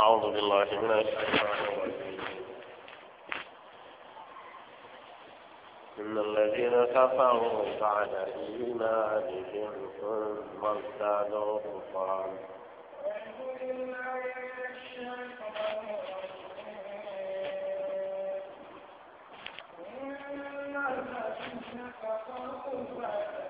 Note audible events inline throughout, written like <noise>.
أعوذ بالله من الشيطان الرجيم إن الذين كفروا بعد إيمانهم ثم ازدادوا كفرا Thank you.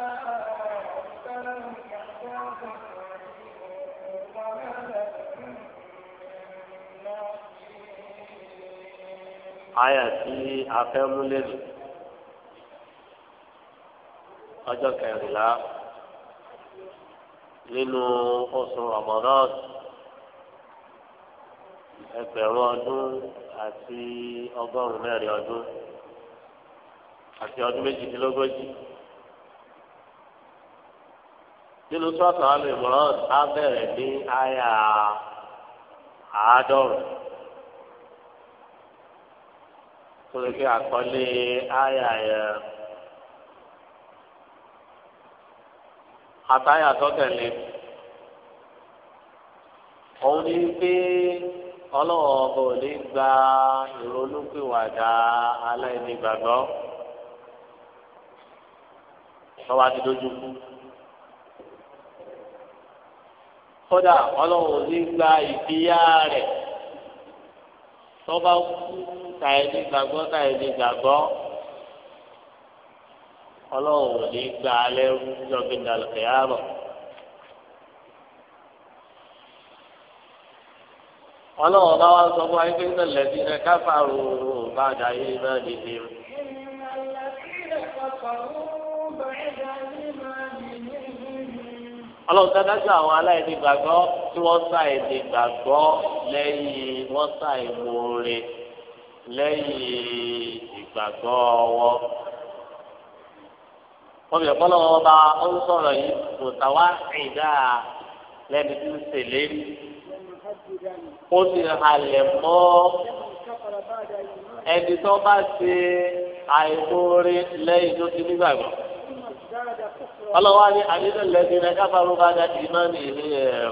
àyà tí a fẹ́ mú lẹ́nu ọjọ́ kẹrìnlá nínú oṣù Ramadan ẹgbẹ̀rún ọdún àti ọgọ́rùn-ún mẹ́rin ọdún àti ọdún méjìdínlógójì nínú sọ́ọ̀tàn àlè mọ́ràn á bẹ̀rẹ̀ ní àyà àádọ́rùn-ún torí pé àkọlé àyà yẹ àtàyà tó tẹ̀lé òun ni pé ọlọ́wọ́ ọba ò ní gba ìrònúpìwàdà aláìnígbàgbọ́ tọ́wọ́ ti dojú kú. kódà ọlọ́wọ́ ò ní gba ìfìyà rẹ̀ tọ́ba kú táyé ní gbàgbọ́ táyé ní gbàgbọ́ ọlọ́run ò ní gba alẹ́ níjọ́ bí dàlùkẹ́ àbọ̀. ọlọ́run bá wá sọ fún wa pé nílẹ̀ bí ẹ káfà rò bá dà yé náà nìyí. ọlọ́run dáadáa àwọn aláìní gbàgbọ́ tí wọ́n sá èdè gbàgbọ́ lẹ́yìn wọ́n sá ìmoore lẹ́yìn ìgbàgbọ́ ọwọ́ wọ́n bẹ̀rẹ̀ kọ́ lọ́wọ́ bá ó ń sọ̀rọ̀ yìí kò táwa ìdá lẹ́ni tí ń ṣèlè ó ti halẹ̀ mọ́ ẹni tó bá ṣe àìmóore lẹ́yìn tó ti nígbàgbọ́. ọlọ́wọ́ á ní lẹ́ni rẹ̀ káfáró bá dá ìmọ̀ nìyẹn.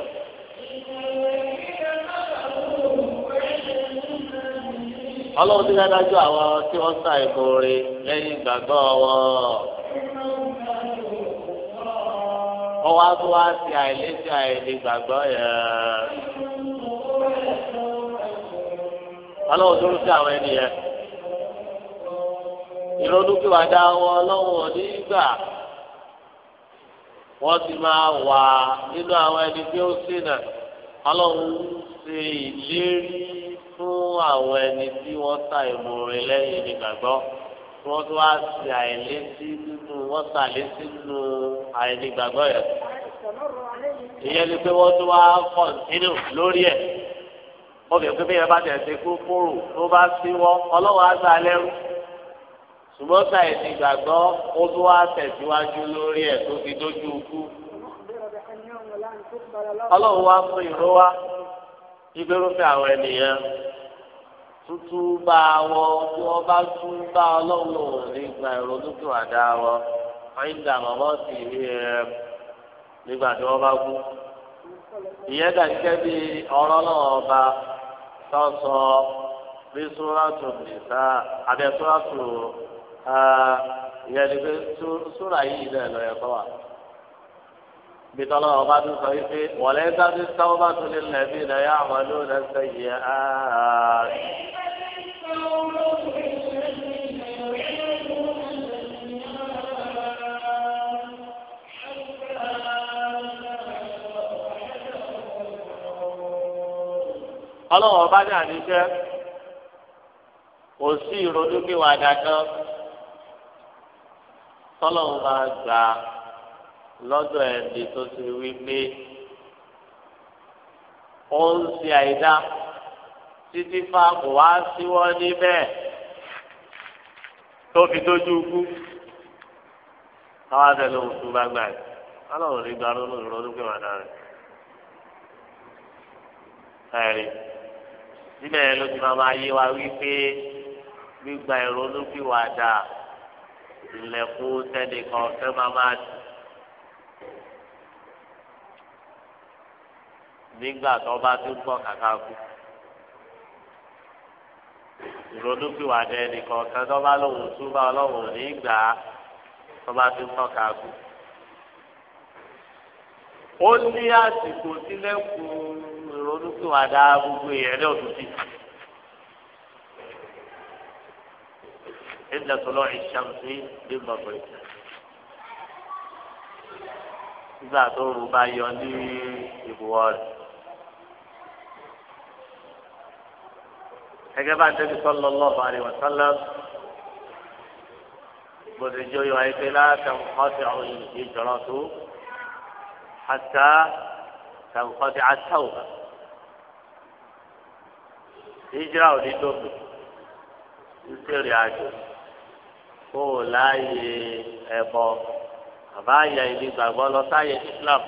ọlọ́run ti dájú àwọn tí wọ́n sá ìkórè lẹ́yìn ìgbàgbọ́ ọwọ́ tó wá sí àìlẹ́sí àìlè gbàgbọ́ yẹn. ọlọ́run tó ń àwọn ènìyàn. ìrònúkìwàdà wọn ọlọ́run nígbà wọ́n ti máa wà nínú àwọn ẹni tí ó ọlọ́run àwọn ẹni tí wọ́n ta ìmùrè lẹ́yìn nígbàgbọ́ tí wọ́n tún wá sí àìlésí nínú wọ́n ta àìlésí nínú àìnígbàgbọ́ yẹn. ìyẹn ni pé wọ́n tún wá kọ̀ǹtínú lórí ẹ̀ wọ́n pé bí bá tẹ̀ ṣe kú kúrò tó bá sí wọ́n ọlọ́wọ́ á sá lẹ́rú ṣùgbọ́n ta ìnígbàgbọ́ ó tún wá tẹ̀síwájú lórí ẹ̀ tó fi dójú ikú. ọlọ́run wá fún ìró wa ìgbérúfẹ́ àwọn ènìyàn tútú bá wọn tí wọn bá tú bá ọlọ́run nígbà ìrònúkún àdá wọn wọn gbà mọ́mọ́ sí ilé ẹ nígbà tí wọn bá kú. ìyẹn dàgẹ́ bí ọ̀rọ̀ náà ọba tó sọ bí súrátù nìsá abẹ súrátù ìyẹn ni pé súrà yìí náà lọ ẹ̀kọ́ wa. بطلع بعض الخيف وليس بالتوبة للذين يعملون السيئات ọlọ́wọ́ bá ní àníṣe kò sí ìrònúkìwàdà kan tọ́lọ́wọ́ máa gbà lọ́dọ̀ ẹ̀dì tó ti wí pé ó ń ṣe àìdá títí fáàmù wá sí wọ́n níbẹ̀ tó fi dójú ikú káwá tẹ̀lé ohun tó bá gbà yìí ọlọ́run rí gbà lónìí ìrònúkìwàdà rẹ̀ ẹ̀rí síbẹ̀ ló ti máa máa yé wa wípé gbígba ìrònú bí wàá dà ìlẹ̀kùn sẹ́nìkan fẹ́ máa máa dùn. nígbà tó bá tún gbọ́ kàkà kú ìrònú bí wàá dẹ nìkan kan tó bá lòun tún bá ọlọ́run nígbà tó bá tún gbọ́ kàkà kú. ó ní àsìkò sílẹ̀kùn ìrònúpìwàdà gbogbo èèyàn ní òtún sí. ìdílé tó lọ ìṣàmùsí bí gbọ̀ngbọ̀n ìṣẹ̀. nígbà tó rù bá yọ ní ìbùwọ̀ rẹ̀. gẹ́gẹ́ bá tẹ́lẹ̀ sọ́lọ́ lọ́ọ̀bù àríwá sọ́lá gbọ́dọ̀ jọ yọ ayé pé látàkùn kọ́sì àwọn ìjọra tó àtà tàkùn kọ́sì àtàwùbà. hijira ò ní lóbi àjò kó o láàyè ẹbọ bàbá àyà ìdí gbàgbọ́ lọ sáyè islam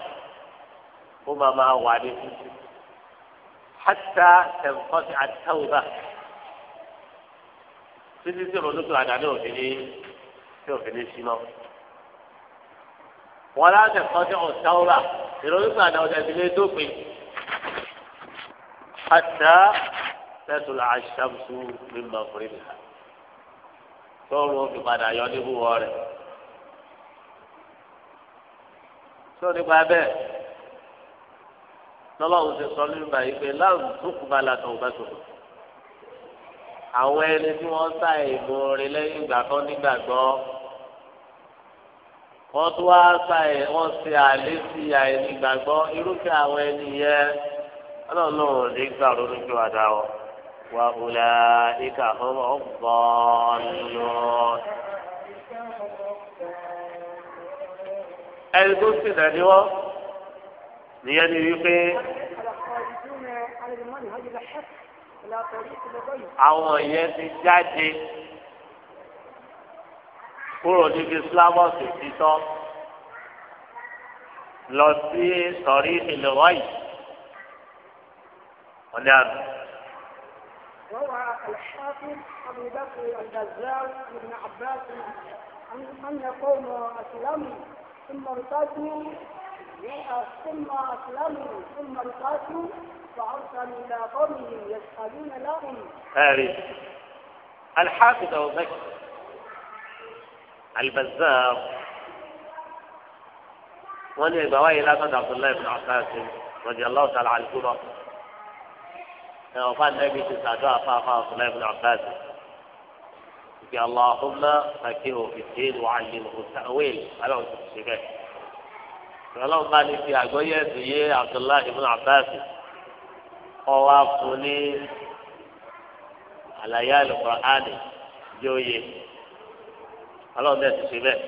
kó máa máa wà ní títí hátà tẹ̀kọ́tì àtàwùbà títí tí olùkọ́ àdáni òfin ní tí òfin ní símọ́ wọn láti tẹ̀kọ́tì ọ̀tàwùbà ìròyìn gbàdá ọ̀dẹ̀ tẹ́tù la aṣàmùsù mi máa kúrè mi ha tóòrùn ó fi padà yọ níbú wọ rẹ̀ tó nípa bẹ́ẹ̀ lọ́lọ́run ti sọ nípa yìí pé láwùjọ tó kù bá la tọ̀wọ́ bá tòun àwọn ẹni tí wọ́n sá ìmoore lẹ́yìn ìgbà kan nígbàgbọ́ wọ́n tún wá sá ẹ̀ wọ́n ṣe àlé sí àìnígbàgbọ́ irúfẹ́ àwọn ẹni yẹn ọlọ́run ò ní gbà ronú ju وأولئك هم الضالون ẹ̀dùn sì nà ni wọ́n nìyẹn ni wípé àwọn yẹn ti jáde kúrò níbi slavos títọ́ lọ sí sọ̀rí ìlú wáyé ọ̀nà àná. روى الحافظ أبو بكر البزار بن عباس أن يقوم أسلموا ثم ارتدوا ثم أسلموا ثم ارتدوا فأرسلوا إلى قومهم يسألون لهم هذه الحافظ أبو بكر البزار وأن يبويه لا عبد الله بن عباس رضي الله تعالى عنهما ẹ̀wọ̀n fún anabi ti sàdó afáfá ọ̀sùnlá ibùdó àbáàdì ìgbà aláhùnmá àti òfin tí ìlú àlè òsàwéèl aláwọ̀ tó ṣe bẹ́ẹ̀. ìrọ̀lọ́wọ́ bá ní fi àgbọ́yé ẹ̀sìn yé abdullá ibùdó àbáàdì ọwọ́ fún ní àlàyé àlùkò àdì jóye aláwọ̀ tó ṣe bẹ́ẹ̀.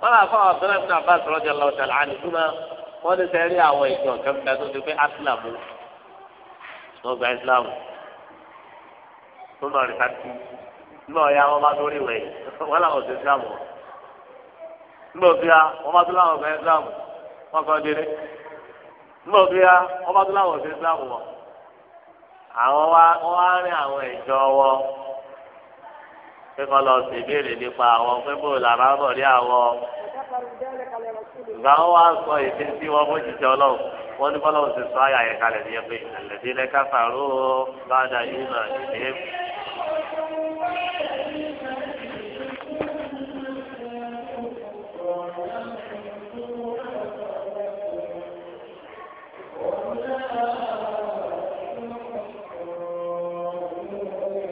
wọ́n lọ fún ọ̀sùnlá ibùdó àbáàdì rọ́jà lọ́tàlá wọn islam wọn bá rí kati nígbà wọn ya wọn bá lórí ìwẹ̀ wọn làwọn ṣe islam wọn nígbà wọn ya wọn bá tó làwọn gba islam wọn kàn délé nígbà wọn ya wọn bá tó làwọn ṣe islam wọn àwọn wa wọn á rìn àwọn ìjọ wọn pé kọ́ lọ sí ìbéèrè nípa àwọn pé bó làrá bọ̀ rí àwọn. ìgbà wọn wá tí wọn bó jíjẹ Ọlọ́run wọn ní bọlọ ti sọ àyà yẹn kalẹ̀ ní ẹgbẹ́ ìlẹdí lẹka fàró bàdà yìí mà nìyẹn.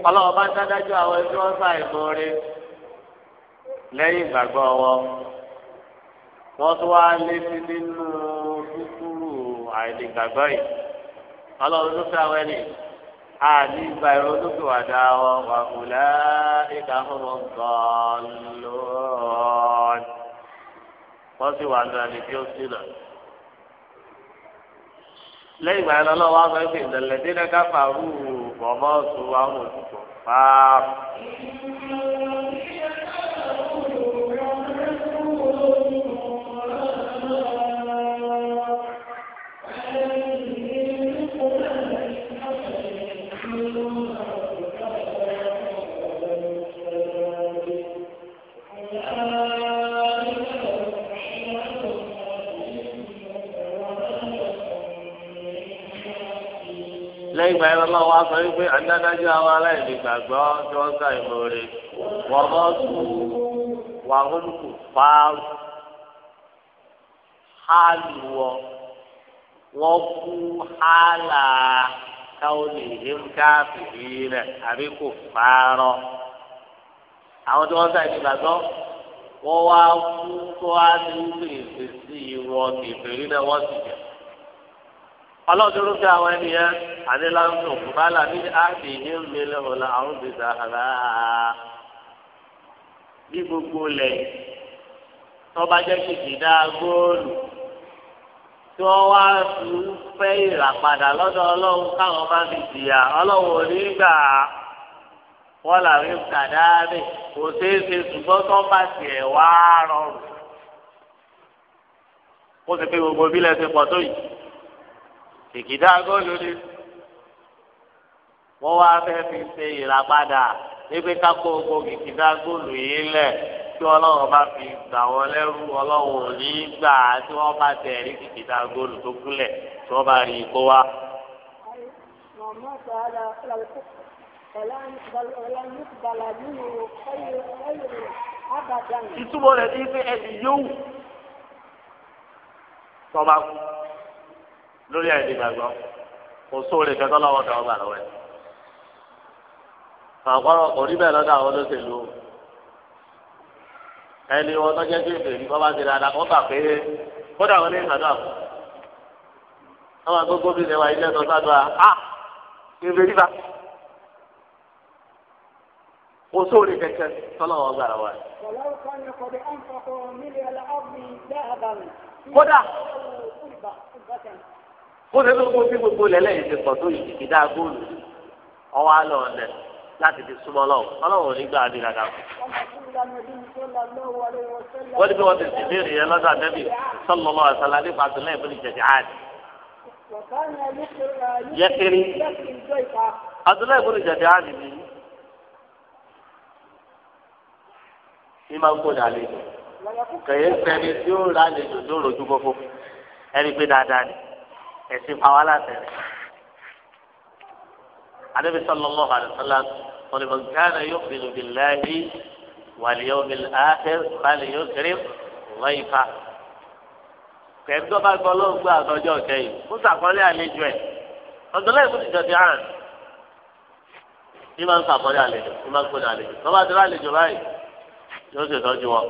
ọlọ́wọ́ bá ń dájú àwọn ẹgbẹ́ wọn fà ìmọ̀ rẹ lẹ́yìn ìgbàgbọ́ wọn. wọ́n tún wá lé sí nínú dúkúrú àìlègbàgbọ́ yìí ọlọ́run ló fẹ́ àwọn ẹni àní ìgbà ìrònúkú àdá wọn wà kù láìka fún wọn gan lóòrán wọ́n sì wà lọ́nà ní tí ó sì lọ. lẹ́yìn ìgbà yẹn lọ́wọ́ wọn sọ pé ìdẹ̀lẹ̀ dínà káfà rú bọ̀mọ́sù àwọn òṣùpọ̀ fáà. lẹ́yìn ìgbà yẹn lọ́wọ́ wa sọ wípé adádájú àwọn aláìní gbàgbọ́ tí wọ́n sá ìmọ̀ọ́rẹ́ wọ́n mọ́ tù wà wọ́n kù fáàrù hálù wọ wọ́n kú hálà káwọn lè yé káfìrí rẹ̀ àbí kò fárọ́ àwọn tí wọ́n sá ìgbàgbọ́ wọ́n wá kú tó á ní ìpèsè ìwọ̀n kìfèrí náà wọ́n sì jẹ́ ọlọ́dúnrún fi àwọn ènìyàn àdéláńtò kùbálà ní àbí ní mílíọ̀nù ọ̀la àwọn gbèsè àrà bí gbogbo lẹ̀ tọ́ba jẹ́ kìkì dá góòlù tí wọ́n wá fẹ́ ìràpadà lọ́dọ̀ ọlọ́run káwọn máa fi jìyà ọlọ́run ò ní gbà á wọ́n là ń kàdá mi kò ṣeé ṣe ṣùgbọ́n tọ́ba tiẹ̀ wá rọrùn. ó ti pé gbogbo bí lẹ́sìn pọ̀ tó yìí kìkìdá góòlù ni wọ́n wá fẹ́ fi ṣe ìràpadà níbi ká kó gbogbo kìkìdá góòlù yìí lẹ̀ tí ọlọ́run bá fi gbà wọ́n lẹ́rú ọlọ́run ò ní gbà tí wọ́n bá tẹ̀ rí kìkìdá góòlù tó kúlẹ̀ tí wọ́n bá rí ikó wá. ìtumọ̀ rẹ̀ ní pé ẹni yóò tọ́ kú lórí àìdè gbàgbọ́ kò sóore kẹtọ́ lọ́wọ́ tó ọgbà lọ́wọ́ ẹ̀. àkọ́rọ̀ kò rí bẹ́ẹ̀ lọ́dọ̀ àwọn olóṣèlú ẹni wọn tó jẹ́ kéèké ní bọ́bá ti dáadáa kó gbà pé kódà wọn ní ìgbàdọ̀ àpò. àwọn agogo bíi lẹ́wà ilé ẹ̀tọ́ sádùá á ìrè rí bá kò sóore kẹkẹ tọ́lọ́wọ́ ọgbà lọ́wọ́ ẹ̀. kódà kó lè lóko bí gbogbo lẹ́lẹ́yìn ti pọ̀ tó yìí ti dá góòlù ọwọ́ àlọ́ ọ̀nẹ láti fi súnmọ́ lọ́wọ́ ọlọ́wọ́ onígbà àdé dada. wọ́n ní bí wọ́n ti sì béèrè yẹn lọ́dọ̀ àdẹ́bì sọ́lọ́lọ́ àṣàlá nípa àtúnlẹ̀ ìbílẹ̀ ìjẹ̀jẹ̀ àdì. yẹ́kiri àtúnlẹ̀ ìbílẹ̀ ìjẹ̀jẹ̀ àdì ni ní máa ń kó dàlejò kẹ̀yẹ́ sẹ́ni tí ó rà lejò tó rojú fọ́fọ́ ẹni pé dáadáa ni ẹ̀sìn pàwọn aláṣẹrẹ adébí sọlọmọ àdìsọlá wọn ni mo gánà yóò fi lùbí láàyè wàlíyà omi ààfẹ balẹ̀ yóò kéré wọ́n ifá kẹ̀ẹ́dọ́gba gbọ́ ló ń gbọ́ àtọ́jọ́ kẹ́yìn ó sàkọ́lé àlejò ẹ̀ ọ̀dọ́lá ìkú ti jọ̀dí àrùn ní máa ń sàkọ́lé àlejò ní máa ń gbọ́dọ̀ àlejò tó bá ti rá àlejò báyìí yóò ṣe ìtọ́jú wọn.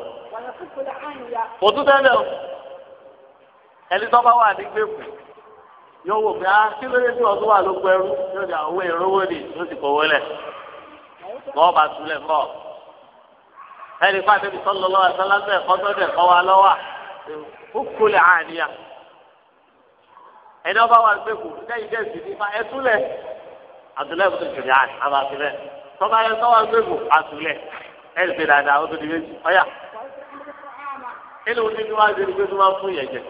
kò tún tẹ́lẹ̀ o ẹni tó bá wà ní gbèkùn yóò wò pé á ah, kí ló dé tí wọn tó wà ló gbẹrú yóò dé àwọn ìrówó ni yóò sì kówó lẹ wọn bá túlẹ̀ kọ́ ẹnì fún àtẹ̀bí sọ́lọ́ lọ́wọ́ sọ́lọ́sọ́ ẹ̀kọ́ sọ́dọ̀ ẹ̀kọ́ wa lọ́wọ́ ó kólé àníyà ẹni ọba wa gbé kù lẹ́yìn dẹ́ sì ní ma ẹ túlẹ̀ àtúlẹ̀ kò tó jùlẹ̀ àná àmà túlẹ̀ tọ́ba ẹ sọ́wọ́ gbé kù àtúlẹ̀ ẹ lè fi dáadáa ó tó di méjì ọ̀yà kí ló ń ní wá ṣe ní pé tó máa fún yẹn jẹ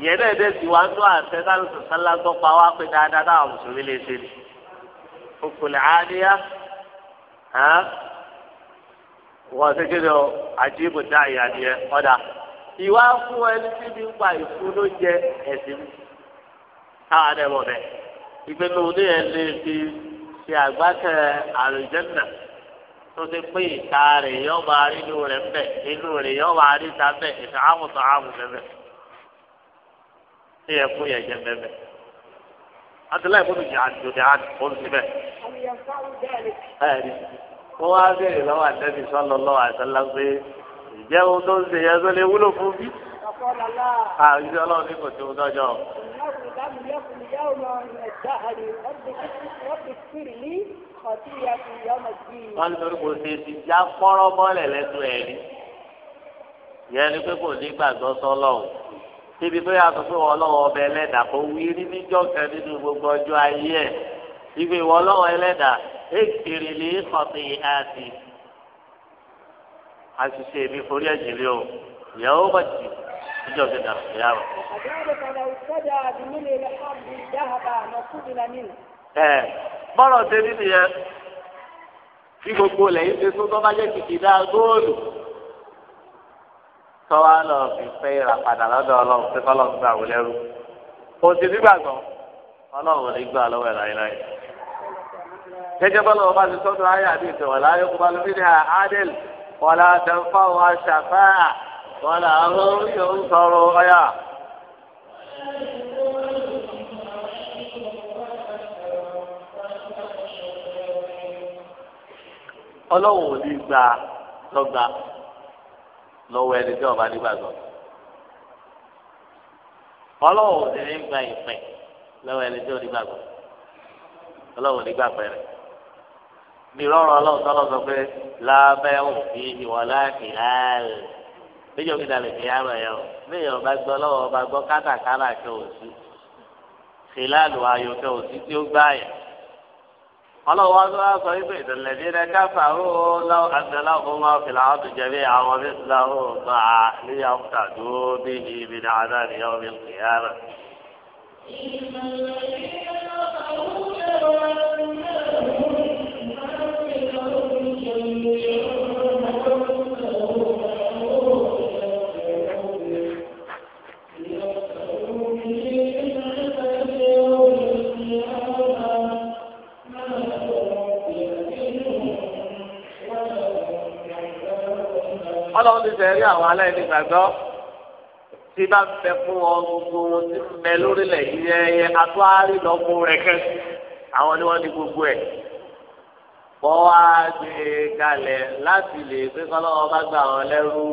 ìyẹn náà dé sí wa nú àṣẹ sálùsù sálá tó pa wá pé dáadáa táwọn mùsùlùmí lè ṣe ni okùnlẹ̀ àdíyá wọ́n ṣe kéde ọ àjíbù dá ìyá ọ̀dà ìwà fún ẹni tí mi ń pa ló jẹ ẹ̀sìn ìpinnu ṣe àgbákẹ́ àlùjẹ́nà tó ti ìta ẹ̀yẹ fún yẹn jẹ mẹ́mẹ́ adúláyé fún mi jẹ àjòjì àti fún síbẹ̀. ẹ̀ẹ́dì wọ́n wá béèrè lọ́wọ́ àtẹ́bí sọ́lọ́ lọ́wọ́ àtẹ́lá pé ìjẹ́ ohun tó ń ṣe yẹn tó lè wúlò fún bí. àìsí ọlọ́run ní kò tí mo dọ́jọ́. wọ́n ní torí kò ṣe ti já fọ́rọ́ mọ́lẹ̀ lẹ́nu ẹ̀rí yẹn ni pé kò ní gbàgbọ́ sọ́lọ́run. tibi tó yàtọ̀ pé wọ́n lọ́wọ́ ọbẹ̀ ẹlẹ́dà kó wí rí níjọ́ kan nínú gbogbo ọjọ́ ayé ẹ̀ ìgbé lọ́wọ́ ẹlẹ́dà ékèrè lè kọ̀tì àti àṣìṣe mi forí ẹ̀jẹ̀ lé o ìyàwó bàjẹ́ níjọ́ kan ẹ bọ́lọ̀ gbogbo lẹ́yìn tó bá jẹ́ tọ́wá lọ fi fẹ́ ìràpadà lọ́dọ̀ ọlọ́run pé kọ́lọ́ gbà wò lẹ́rú o sì nígbàgbọ́ ọlọ́run ò ní gbà lọ́wọ́ ẹ̀ láéláé gẹ́gẹ́ bọ́lá ọba ti sọ́dọ̀ ayé àti ìtẹ̀wọ̀ láyé kúba lóbi ní àádẹ́lì wọ́n la tẹ̀fọ́ wọn ṣàfáà wọ́n la ọ̀hún yóò ń sọ̀rọ̀ ọ̀yà. ọlọ́run ò ní gbà lọ́gbà lọ́wọ́ ẹni tí ọba nígbàgbọ́ ọlọ́wọ́ ò sì ní gba ìpè lọ́wọ́ ẹni tí ò nígbàgbọ́ ọlọ́wọ́ nígbà pẹ̀rẹ̀ nírọ̀rọ̀ ọlọ́wọ́ tọ́lọ́ sọ pé lábẹ́ òfin ìwọ láti láàrẹ̀ méjì òkè dàlẹ̀ kì í àrọ̀ ẹ̀ o méjì ọba gbọ́ ọlọ́wọ́ ọba gbọ́ kátàkárà kẹ́ òsì kìláàlù ayò kẹ́ òsì tí ó gbáyà ọlọ́wọ́ tó wá sọ wípé ìdọ̀lẹ́dí rẹ káfà ó lọ́wọ́ àgbẹ̀lá òun máa fìlà á tó jẹ̀bi àwọn ọmọ ìsìlá ó gbà á níyà ọ̀tà tó bí ibi dáadáa nìyà ọmọ ìsìlá rẹ. ọlọ́run ti fẹ́ rí àwọn aláìní gbàgbọ́ tí bá fẹ́ fún ọ gbogbo wọn ti mẹ lórílẹ̀ yẹ́yẹ́ atúwárí lọ́gbọ́ rẹ̀ kẹ́ àwọn ni wọ́n di gbogbo ẹ̀ kọ́ wá gbé e kalẹ̀ láti lè pé kọ́lọ́wọ́ bá gbà wọn lẹ́rú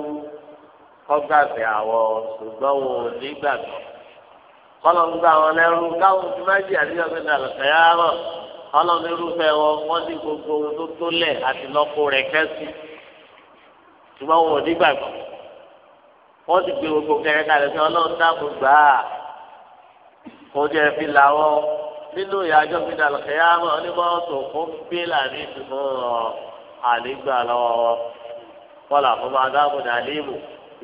kọ́gbàgbé àwọn ṣùgbọ́n wọn ò ní gbàgbọ́ kọ́lọ́wọ́ gbà wọn lẹ́rú káwọn ti má jì àdéhùn pé nàlùkẹ́ yá mọ̀ kọ́lọ́wọ́ irúfẹ́ wọn wọ́n ní gbogbo tó tó lẹ̀ àti lọ́kọ́ rẹ̀ kẹ́sì ṣùgbọ́n wọn di ní gbàgbọ́ wọ́n ti gbé gbogbo kẹrẹ kalẹ̀ fún ọlọ́run dáàbò gbà á kó jẹ́ fi làwọ́ nínú ìyájọ́ fi dàlọ́ kẹ́yà mọ́ onímọ̀ọ́tò fún bílà ní ìdùnnú àlégbà lọ́wọ́ kọ́là fún máa dáàbò dàlímù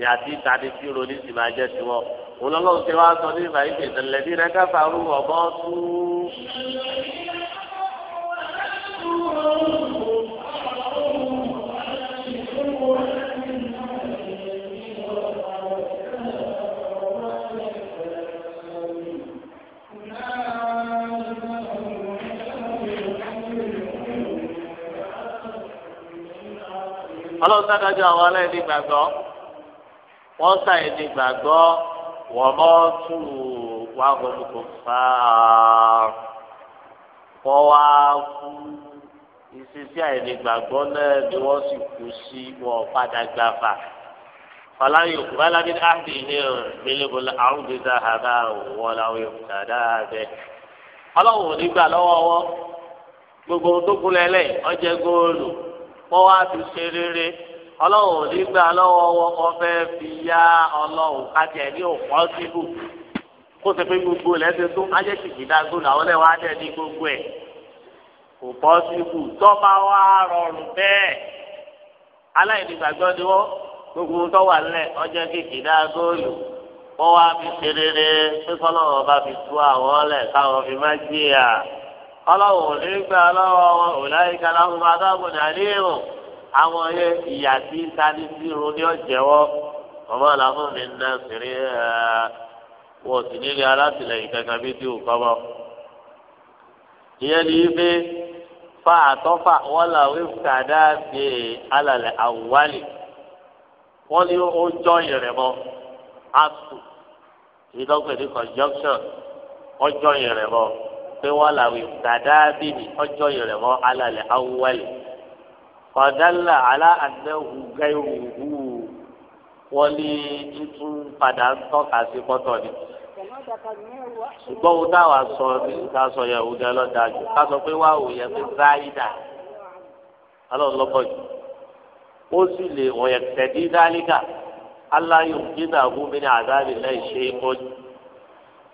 yàtí tani tí ronú sì máa jẹ́ tiwọ́ olọ́lọ́run ti wá sọ ní ìgbà yìí pèsè lẹ́bí rẹ káfà rú ọ̀bọ́n tú. ọlọ́run sádájọ́ àwọn aláìní gbàgbọ́ wọ́n sáyẹn ní gbàgbọ́ wọ́n mọ́ tù wá gbọ́dọ̀ fà á wọ́n wá kú ìṣesí àìní gbàgbọ́ náà ni wọ́n sì kú sí wọn padà gbàfà fàlà yóò kú báyìí lábẹ́ àti mílíọ̀nù àrùn dídá àbá wọn làwọn yóò kúta dáadẹ́ ọlọ́run ò ní gbà lọ́wọ́ wọn gbogbo tó kú lẹ́lẹ́ ọjẹ́ góòlù wọ́n wá fi ṣe rere ọlọ́run ò ní gbà lọ́wọ́ wọn kọ́ fẹ́ fi yá ọlọ́run kájẹ ní òpó síbù kó ṣe pé gbogbo lẹ́sẹ̀ tó ajẹ́ kìkìdá gbòòlù àwọn ẹ̀wọ̀n adẹ́ ní gbogbo ẹ̀ òpó síbù tọ́ba wá rọrùn bẹ́ẹ̀ aláìní gbàgbọ́ ni wọ́n gbogbo tó wà lẹ̀ ọjọ́ kìkìdá gbòòlù wọ́n wá fi ṣe rere pé kọ́lọ́run ọba fi tú àwọn ọlẹ̀ káwọn fi má jí à ọlọ́wọ́ ò ní gbà lọ́wọ́ wọn ò láyé kálá fún bá dábùn àlíhùn àwọn yẹ ìyà tí tani sí irun ní ọ̀jẹ̀wọ́ ọmọ àlàfo mi ń ná sírí wọ́n sì nílé alátìlẹyìn kankan bí tí ò kọ́ bọ́. ìyẹn ni wípé fa àtọ́fà wọ́n là wípé àdáàbí alàlẹ́ àwùwálì wọ́n ní ó jọ ìrẹ̀mọ́ asù ìdọ́gbẹ̀dì conjunction ọjọ́ ìrẹ̀mọ́ pé wọ́n làwìn gàdáàbì ní ọjọ́ ìrẹ̀ mọ́ alàlẹ́ awọ́lẹ̀ kọ̀dálà aláàdẹ́hù gẹ́hùhù wọ́n ní tún padà ń tọ́ka sí pọ́tọ̀ ni. ṣùgbọ́n ohun táwa sọ ní ká sọ yẹn òun jẹ́ lọ́dàájú ká sọ pé wàá òun fi záyidà alọ́lọ́bọ̀ ó sì lè wọ̀n tẹ̀dí dálíkà aláyọ̀ nínú àbúmi ní lẹ́yìn ṣe é kọ́jú.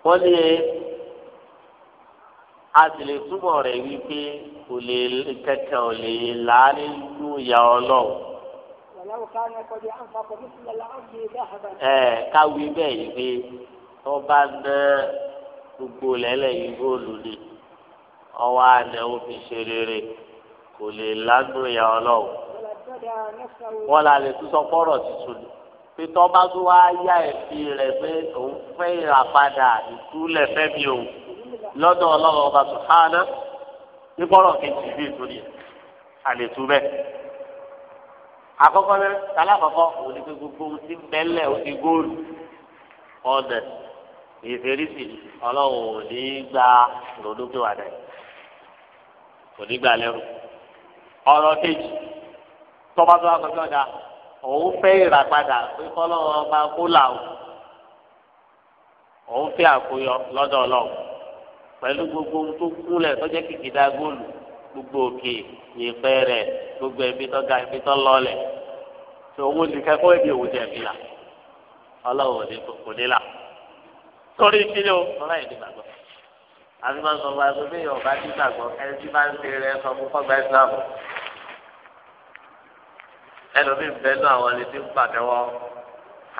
wọ́n ní a sì lè túbọ̀ rẹ̀ wípé kò lè kẹ̀kẹ́ ò lè là á nínú ìyá ọlọ́run. ẹ káwí bẹ́ẹ̀ yìí pé wọ́n bá ná gbogbo lẹ́lẹ̀ yìí góòlù ni ọwọ́ àná ó fi ṣe rere kò lè lánú ìyá ọlọ́run. wọ́n la lè tún sọ fọ́rọ̀ tuntun ni pété ọba tó wá yá ẹ̀fí rẹ̀ pé òun fẹ́ ìràpadà ìkúlẹ̀ fẹ́ mi òun lọ́dọ̀ ọlọ́run ọba sùhánà nígbọ́rọ̀ kejì bíi ìtòlì àlètú bẹ́ẹ̀. àkọ́kọ́ náà alákọ̀ọ́kọ́ òní pé gbogbo ohun tí ń bẹ́lẹ̀ òní góòlù ọ̀dẹ̀ ìfèrísì ọlọ́run ò gba ròdókèwàdà kò gba lẹ́rù. ọ̀rọ̀ kejì tọ́ba tó wà pẹ̀lú ọ̀dà òun fẹ́ ìràpadà pé kọ́lọ́run ọba kó làwọn òun fẹ́ àkóyọ lọ́dọ̀ ọlọ́run pẹ̀lú gbogbo ohun tó kúlẹ̀ tó jẹ́ kìkìdá góòlù gbogbo òkè ìpẹ́ rẹ̀ gbogbo ẹ̀mí tó ga ẹ̀mí tó lọ́ọ̀lẹ̀ tó owó nìkan kó ẹ̀mí òwò jẹ̀mí là ọlọ́wọ́ ní kò ní là torí kíni o lọ́la yìí ní gbàgbọ́ àbí máa ń sọ fún agbègbè yìí ọba ní gbàgbọ́ ẹni tí máa ń ṣe rẹ sọ fún fọgbà ìsìlámù ẹlòmíín bẹ́ẹ̀ náà àwọn ẹni tí ń pàtẹ́wọ́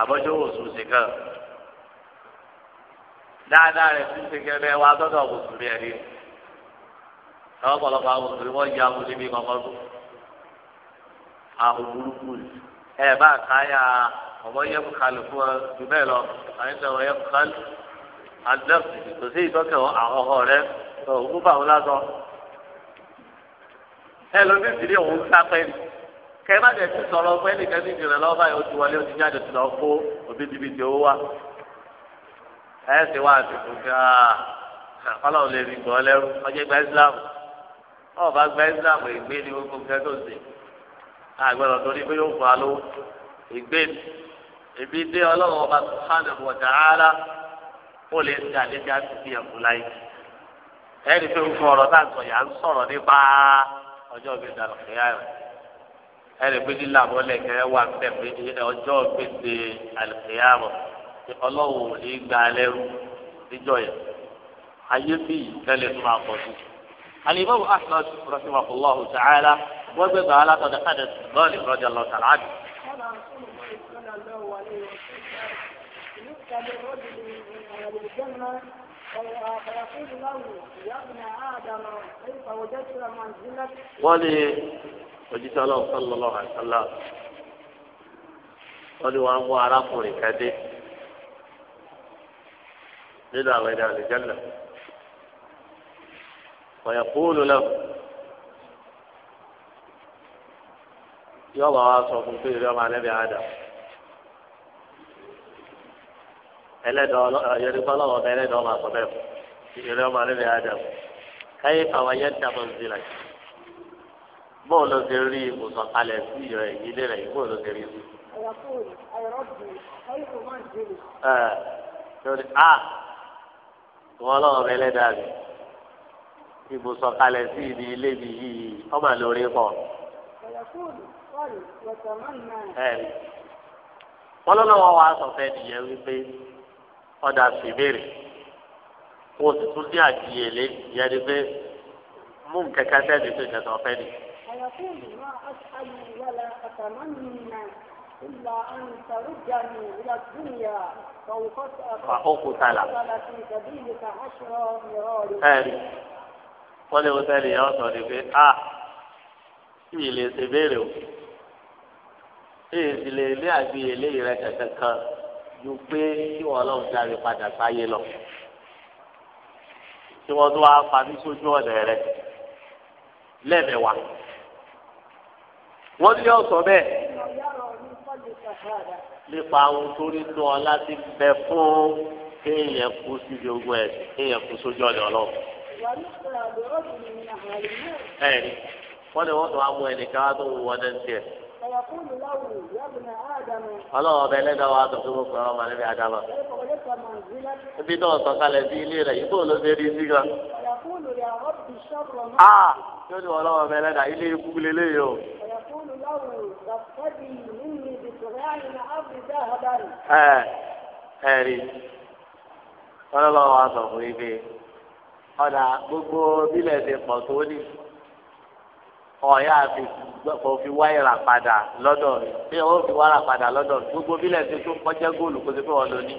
àbọ́jọ́wò sùn sí kan dáadáa rẹ̀ ti ṣe kẹ́kẹ́ wá sọ́dọ̀ mùsùlùmí ẹ̀rí ẹ̀ ọ̀pọ̀lọpọ̀ àwọn mùsùlùmí wọ́n yẹ àwọn níbi kankan tó àwọn burúkú ẹ̀ bá káyà ọmọ yẹ kó kalẹ̀ fún ọ jù bẹ́ẹ̀ lọ àyẹ̀tọ̀ ọmọ yẹ kó kalẹ̀ àdẹ́pì kò sí ìtọ́kẹ̀ àwọn ọ̀họ̀ rẹ òkú bá wọn lásán ẹ lọ sí ìdílé òun sápẹ́ ni kẹ́ẹ́ má jẹ́ ti sọ̀rọ̀ fún ẹnìkan ní ìdílé lọ́wọ́ ti wọlé ó ti jáde tó lọ kó òbí ẹ sì wá àsìkò gáà ah, ọlọ́run lè rí gbọ́ lẹ́rú ọjọ́ gba islam ọ̀ bá gba islam ìgbé ni gbogbo nǹkan tó ṣe àgbẹ̀rọ̀ torí pé yóò fà ìgbé ni ìbí dé ọlọ́run ọba subhanahu wa ta'ala ó lè ṣe àlejò àtúntì ẹ̀kú láyé ẹ̀rí pé gbogbo ọ̀rọ̀ náà sọ yà ń sọ̀rọ̀ nípa ọjọ́ rẹ̀ pé mọ́lẹ̀ wà ń bẹ̀ pé ọjọ́ ọlọ́wọ́ ò ní gba lẹ́rú níjọ́ yẹn ayé bí ìtẹ́lẹ̀ tó máa pọ̀ sí. alimami ahmed rahimahullah ta'ala wọ́n gbé bàálà tọ́jú adès bọ́ọ̀lì rọ́jà lọ tàlá àdì. wọ́n ní òjíṣẹ́ ọlọ́run sọ́lọ́lọ́ àṣálà wọ́n ní wọ́n mú arákùnrin kan nínú àwọn ẹni àlùjẹ́nà ọ̀yẹ̀ kúlù lẹ́wọ̀ yóò bá wa sọ fún fèrè ọmọ alẹ́ bí ada ẹlẹ́dọ̀ ọ̀yẹ́dẹ́gbọ́ lọ́wọ́ bẹ́ẹ̀ ẹlẹ́dọ̀ ọmọ àkọ́bẹ́ fèrè ọmọ alẹ́ bí ada káyé fàwọn ayé dàbọ̀ nzìlà bọ́ọ̀ ló ti rí ibùsọ̀ kalẹ̀ sí ìrẹ̀ ìdílé rẹ̀ bọ́ọ̀ ló ti rí ibùsọ̀. ẹ̀rọ kúrò ẹ̀rọ bù ẹ̀rọ kò má dé. ẹ lórí a wọn lọ́wọ́ bẹ lẹ́dàá mi ibùsọ̀ kalẹ̀ sí ibi ilé mi yìí ọmọ lórí pọ̀. wọ́n lọ́wọ́ wa sọ fẹ́ nìyẹn wípé ọ̀dà sì béèrè kó o sì tún ní àdìyẹlé ìyẹn ni pé mú nkẹ́kẹ́ sẹ́ni tó ìjẹta ọ̀fẹ́ ni. إلا أن تردني إلى الدنيا فأقتل في سبيلك عشر مرارا wọ́n lé wọ́n tẹ́lẹ̀ yẹn sọ ni pé a kí ilé ṣe béèrè o èyí sì lè lé àbí eléyìí rẹ kẹ̀kẹ́ kan ju pé kí wọ́n lọ́n darí padà sáyé lọ tí wọ́n tún wá pa sójú ọ̀nà rẹ lẹ́ẹ̀mẹ̀wá wọ́n ní ọ̀sọ̀ bẹ́ẹ̀ nípa ohun tó rí nù ọ láti bẹ fún kéèyàn kú síbi ogun ẹ kéèyàn kú sójú ọ̀dọ̀ ọlọ́run. ẹ̀rí wọ́n ní wọ́n tún á mú ẹnìkan á tó wọ́n náà tiẹ̀ ọlọ́run ọbẹ̀ ẹlẹ́dàá wa sọ fún gbogbo ọmọ ẹlẹ́bí adama ibi tó ń sọ̀kalẹ̀ sí ilé rẹ̀ yìí kó ló ṣe rí sí gan. a yóò ah! ní ọlọ́run ọbẹ̀ ẹlẹ́dàá ilé ikú lélẹ̀ yìí o. ẹ ẹ rí ọlọ́run wa sọ fún ibi ọ̀dà gbogbo bílẹ̀ ti pọ̀ tó ní ọ̀ya àfikún kò fi wáyà padà lọ́dọ̀ mi bí wọ́n fi wáyà padà lọ́dọ̀ mi gbogbo bílẹ̀ tó tó kọjá góòlù kó ti pé wọ́n lò ní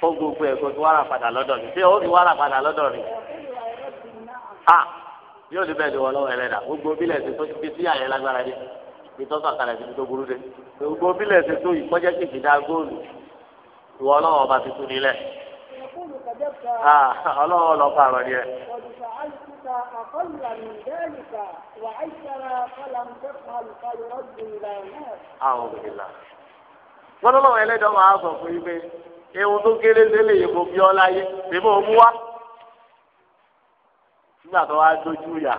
fún gbogbo ẹ̀ kó fi wáyà padà lọ́dọ̀ mi bí wọ́n fi wáyà padà lọ́dọ̀ mi. a yóò ní bẹ́ẹ̀ ni wọ́n lọ́wọ́ ẹlẹ́dà gbogbo bílẹ̀ tó ti fi sí àyẹ̀ lágbára dé bí tó sọ̀ kalẹ̀ síbi tó burú dé gbogbo bílẹ̀ tó tó ìkọjá kìkì dá góòlù ìwọ́n lọ́wọ́ ọba ti tún nílẹ̀ ọlọ́wọ́ lọ́ أعطى أقل من ذلك وعشر فلم تفعل فيرد إلى الناس أعوذ بالله wọ́n lọ́wọ́ ẹlẹ́dọ̀ máa sọ fún yín pé ewu tó kéré sílẹ̀ èkó bí ọ́ láyé bíbó mú wá. nígbà tó wá dojú yà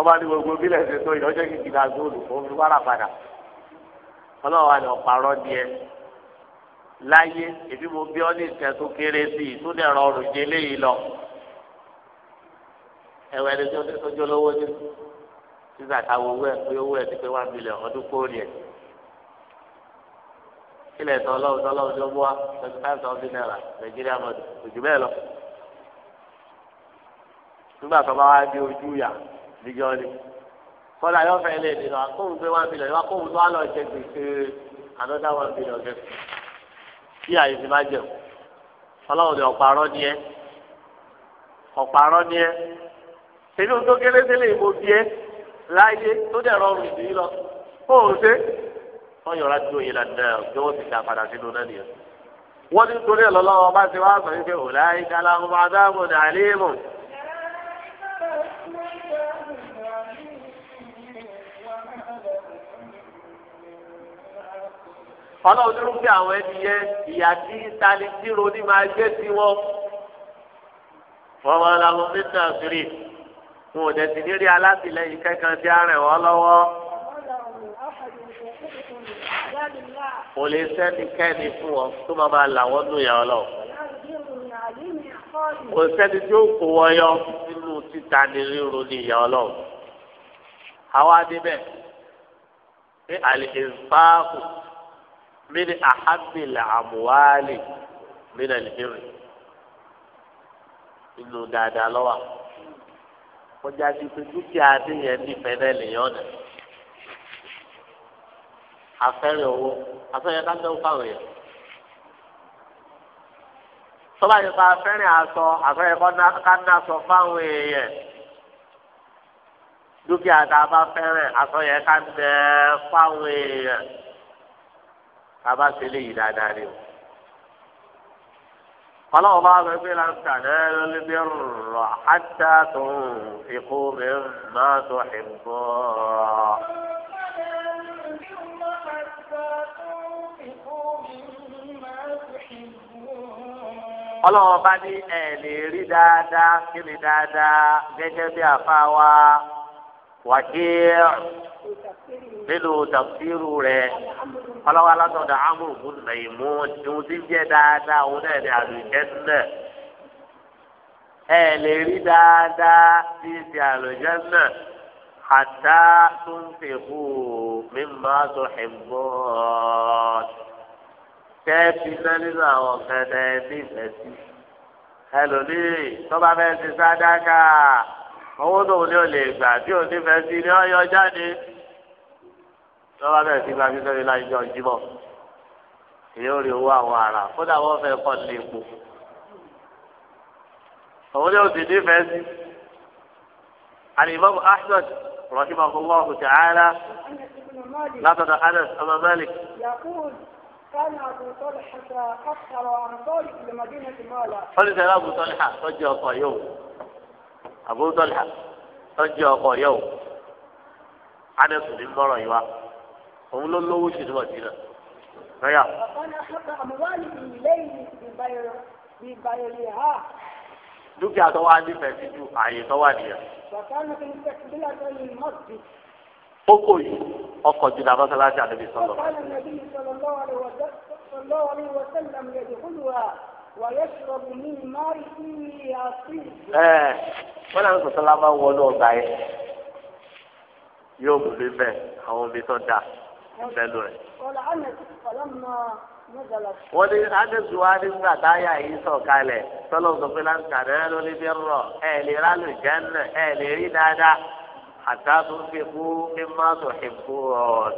ọba ní gbogbo bílẹ̀ ṣe tó ìdọ́jọ́ kìkìdá góòlù fún mi wàrà padà. ọlọ́wọ́ àti ọ̀pàrọ̀ ni ẹ láyé èbí mo bí ọ́ ní ìtẹ́ tó kéré sí i tó dẹ̀ rọrùn jẹ léyìí lọ ẹwẹ ẹni tó tó jó lówó ní sísà káwọ owó ẹ pé owó ẹ ti pé one million ọdún kóòrì ẹ kílẹ̀ tán ọlọ́run tán ọlọ́run tó mú wa twenty five thousand naira nàìjíríà mọ̀tò òjò bẹ́ẹ̀ lọ. nígbà tó bá wá di ojú yà níjọ́ ni kọ́lá yóò fẹ́ lé nínú akóhùn pé one million akóhùn tó wà lọ jẹ gbèsè another one million jẹ kí àyè ti má jẹun ọlọ́run ni ọ̀pọ̀ àrọ́ ni ẹ ọ̀pọ̀ àrọ́ ni ẹ inú tó kéré sílẹ̀ ìbò bíẹ́ láyé tó dẹ̀ rọrùn ìdí lọ ó ò ṣe wọ́n yọ̀rá ju òye lànà bí wọ́n ti dá padà sínú náà nìyẹn. wọ́n ti torí ẹ̀ lọ́lọ́wọ́ bá ti wá sọ wípé òláyé kálá ń bá dáàbò dàlẹ́ mọ̀. ọlọ́run dúró pé àwọn ẹni yẹn ìyá tí tani tí ronú máa jẹ́ tiwọn. wọ́n máa làwọn mẹ́ta kiri wọn ò dẹ̀ sì ní rí alátìlẹyìn kankan tí a ràn wọ́n lọ́wọ́. kò lè sẹ́nikẹ́ni fún wọn tó máa máa là wọ́n nù yà ọ́ lọ. kò sẹ́ni tí ó kó wọ́n yọ nínú títa ní ríro ní ìyà ọ́ lọ. àwa níbẹ̀ ní àlè ìfáàkù mí ni àhábìlà àmúwálì mí nà lè bèrè nínú dáadáa lọ́wọ́. kọjá sí pé dúkìá adéyẹn nífẹ̀ẹ́ náà lèyàn nà afẹ́rẹ́ owó afẹ́rẹ́ dáńtẹ́ fáwọn èèyàn tọ́ba yìí pa afẹ́rẹ́ aṣọ afẹ́rẹ́ kọ́ńdà sọ fáwọn èèyàn dúkìá tá a bá fẹ́rẹ̀ aṣọ yẹn ká ń fáwọn a bá ṣe léyìí فلو بعض بلا تعلال البر حتى تنفقوا مما تحبون ọlọ́wọ́ bá ní ẹ̀ lè rí dáadáa kí ni dáadáa gẹ́gẹ́ bí àfa wa wàkíyà nínú tafsiru rẹ̀ ọlọ́wọ́ alátọ̀dọ̀ amúrù fún nàìmú ohun tí ń jẹ́ dáadáa òun náà ní àlùjẹ́nà ẹ lè rí dáadáa tí ń ti àlùjẹ́nà àtà tó ń fèkú mímọ́ tó ẹ̀gbọ́ kẹ́ẹ̀fì náà nínú àwọn kẹta ẹbí ìfẹ́ sí ẹlòmíì tọ́ba fẹ́ẹ́ ti sádákà owó tó ní o lè gbà tí o ní fẹ́ sí ni ọ yọ jáde lọ́wọ́ bẹ̀rẹ̀ sí gba fífẹ́ mi láyé jọ jímọ̀ èyí ò rí owó àwọn ará kódà wọ́n fẹ́ kọ́ lé epo òun ni òsì nífẹ̀ẹ́ sí alimami ahmed rahimahullah ta'ala látọ̀dọ̀ anas ọmọ malik. كان أبو طلحة أكثر أنصار لمدينة مالا. قلت يا أبو طلحة رجع يوم. أبو طلحة رجع يوم. أنس بن مرة òun ló lówó ṣe ní Mọ̀dínà lọ́yà. dúkìá tó wà nífẹ̀ẹ́ sí ju àyè tó wà nìyẹn. ó kò yìí ọkọ̀ jù náà mọ́sálásí àdébí sọ́lọ́. wọ́n náà ń sọ̀tọ́ lábá wọnú ọgbà yẹn yóò mú bẹ́ẹ̀ àwọn omi tó dáa ìfẹ́lú rẹ̀. wọ́n ní adéṣù wa nígbà táyà yìí sọ̀kalẹ̀ tọ́lọ̀ sọ pé láǹkà náà ló ní bí rọ̀ ẹ̀ lè rálù jẹ́nà ẹ̀ lè rí dáadáa àtàtún fi kú mímọ́ tó fi kú ọ̀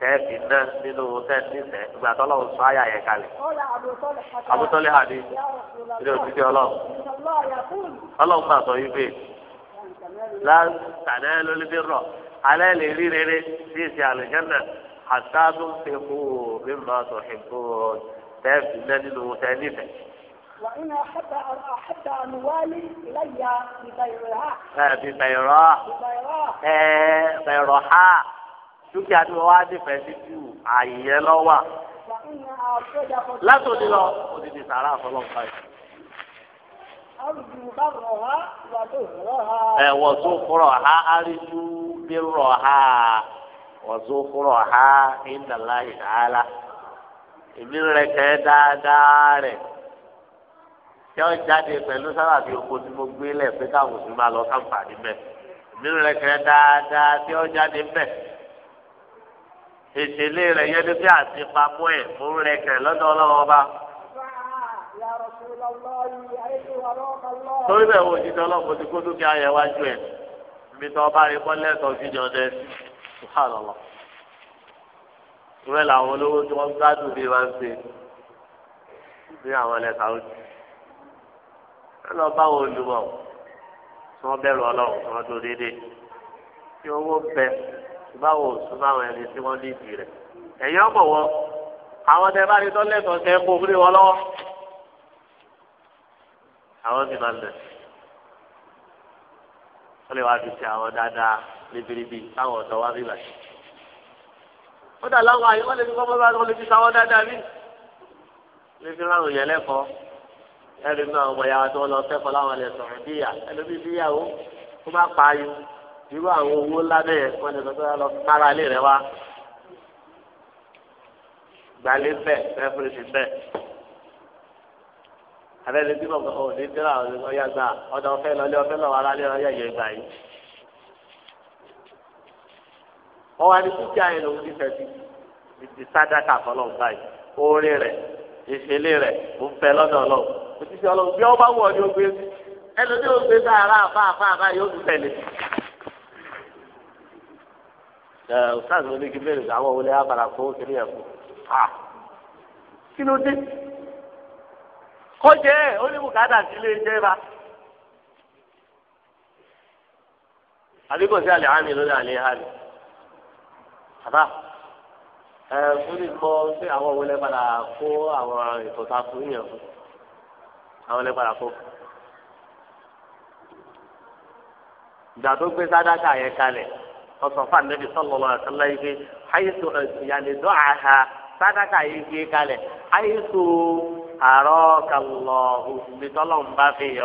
tẹ́ẹ̀bì náà nínú tẹ́ẹ̀bì sẹ́ ìgbà tọ́lọ̀ sọ àyà yẹn kalẹ̀. àbútọ́lé hàdí ilé òṣìṣẹ́ ọlọ́run ọlọ́run máa sọ yí pé láǹkà náà ló bí rọ̀ alẹ́ lè rí rere sí ìsìn àlùjẹ́ náà. حتى تنفقوا مما تحبون تبدو نجد متنفة وإن أحب أحب أموالي إلي ببيرها ببيرها ببيرها dúkìá tí wọn wá nífẹ̀ẹ́ sí ju àyè lọ wà látòdì lọ òdìdì sàrà àfọlọ́pàá yìí. ẹ̀wọ̀n tó kúrọ̀ ha arìjú bí rọ̀ ha. wàzúkúrọ̀ ha ìdàlá ìdàlá ìbí rẹ̀ kẹ́ dáadáa rẹ̀ tí ó jáde pẹ̀lú sábàbí oko tí mo gbé lẹ̀ pé káwọn òṣèlú máa lọ sáǹfààní mẹ́ ìbí rẹ̀ kẹ́ dáadáa tí ó jáde mẹ́ ìṣẹ̀lẹ̀ rẹ̀ yẹn ní bí àti pamọ́ ẹ̀ mo rẹ̀ kẹ́ lọ́dọ̀ ọlọ́wọ́ bá. torí bẹ́ẹ̀ wo òjijì ọlọ́pàá ti kó dúkìá yẹn wájú ẹ̀ níbi tó ọba rí bọ́lẹ̀ tó jọ dẹ́sí subhanallah ìwé làwọn olówó tí wọ́n gbádùn bí wọ́n ń ṣe ní àwọn ilẹ̀ Saudi ẹ lọ báwo olùmọ̀ tí wọ́n bẹ̀rù ọlọ́run tí wọ́n tó déédéé tí owó bẹ báwo sùn báwọn ẹni tí wọ́n ní ìdí rẹ̀ ẹ̀yin ọ̀pọ̀ wọ àwọn tẹ bá ní tọ́lẹ̀tọ̀ tẹ kó fúri wọn lọ́wọ́ fi ṣe àwọn dáadáa ribiribi táwọn ọ̀dọ́ wa rí báyìí. ó dà láwọn àyè wọ́n lè fi kọ́ bọ́lá wọn lè fi sáwọ́ dáadáa rí. lè fi ráhùn yẹn lẹ́kọ̀ọ́ ẹ̀rí náà ọmọ ìyá wa tó lọ fẹ́kọ̀ọ́ láwọn ilẹ̀ sọ̀rọ̀ bíyà ẹlòmí bíyàwó tó bá pa ayò irú àwọn owó ńlá bẹ́ẹ̀ wọ́n lè sọ́kọ́ lọ kára ilé rẹ wá. gbalé bẹ́ẹ̀ rẹ́fúrẹ́sì bẹ́ẹ̀ abẹ́lẹ́ bí mọ̀ ọ́ ní tíra ọ̀yà gbà ọ̀dọ̀ ọ̀fẹ́ lọ́lé ọ̀fẹ́ lọ́wọ́ aráàlú ọ̀yà yẹn gbà yìí. ọwọ àti dúkìá yẹn lòun ti fẹsí ti sádàkà fọlọ́n báyìí oore rẹ̀ ìṣẹ̀lẹ̀ rẹ̀ ń fe lọdọ lọ òṣìṣẹ́ ọlọ́run bí ọba wọ̀ ni ó gbé ẹlòmíì ó gbé sàárà àfa àfa àfa yóò tún tẹ̀lé. ẹ ọ̀sán ló ní kí bẹ́ẹ̀ àwọn fún òkèlè yẹn fún a kí ló dé ẹ ó ní bùkátà bá. àbá ẹ fún mi mọ sí àwọn òwe lẹ́gbàdà kó àwọn ètò ta fún fún àwọn lẹ́gbàdà kó. ìgbà tó gbé sádàkà yẹn kalẹ̀ fún dọ́ àhà sádàkà yìí gbé kalẹ̀ àrọ́ kàlọ́ tọ́lọ́ ń bá fi yẹ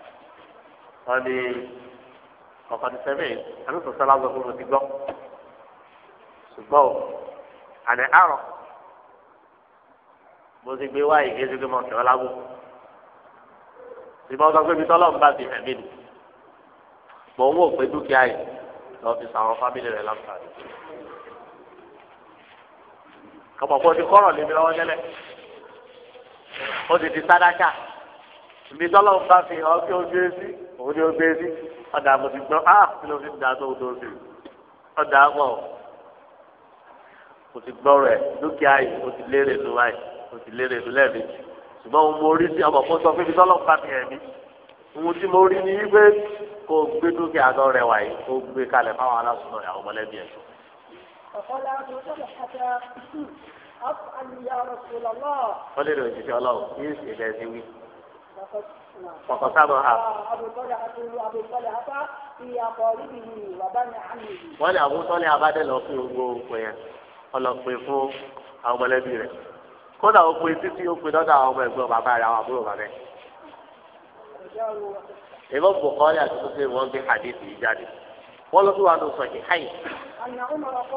wọ́n ní ọ̀kadì sẹ́mi àtúntò sọ́lá gbọ́ fún mi ti gbọ́ ṣùgbọ́n àná àrọ̀ mo ti gbé wáyé kí ẹ ti gbé mọ́ kẹ́wọ́ lágbo ṣùgbọ́n ọ̀gá pé mi tọ́lọ́ ń bá ti ẹ̀mí ni mọ̀ ń wò pé dúkìá yìí lọ́ọ́ fi sàwọn fámìlì rẹ̀ láǹfààní. ọmọ kò ti kọ́rọ̀ lémi lọ́wọ́ tẹ́lẹ̀ ó ti di sádákà mi tọ́lọ́ ń bá fi hàn kí ojú ẹ sí òun ni ó gbé sí ọ̀dà mo ti gbọ́ á ah, kí ló fi ń da tó o tó o sì ọ̀dà pọ̀ o ti gbọ́ rẹ̀ dúkìá yìí o ti lérè lu wáyé o ti lérè lu lẹ́ẹ̀mejì ṣùgbọ́n mo rí sí ọmọ kó sọ pé ibi tọ́lọ́ pa tiẹ̀ mi ohun tí mo rí ni wípé kó gbé dúkìá tó rẹwà yìí kó gbé kalẹ̀ fáwọn aláṣọ àwọn mọ̀lẹ́bí ẹ̀ wọ́n lè rò ìṣiṣẹ́ ọlọ́run فقصدها wọ́n ní a tó ní abáde lọ fún gbogbo òpin yẹn ọlọ́pin fún àwọn mọ̀lẹ́bí rẹ̀ kódà ó ya. títí ó pin lọ́dọ̀ àwọn ọmọ ẹ̀gbọ́n bàbá rẹ̀ àwọn àbúrò bàbá rẹ̀. ìbò bùkọ́lì àti tuntun ìwọ̀n gbé hadith yìí jáde wọ́n ló fi wà ọmọ ọkọ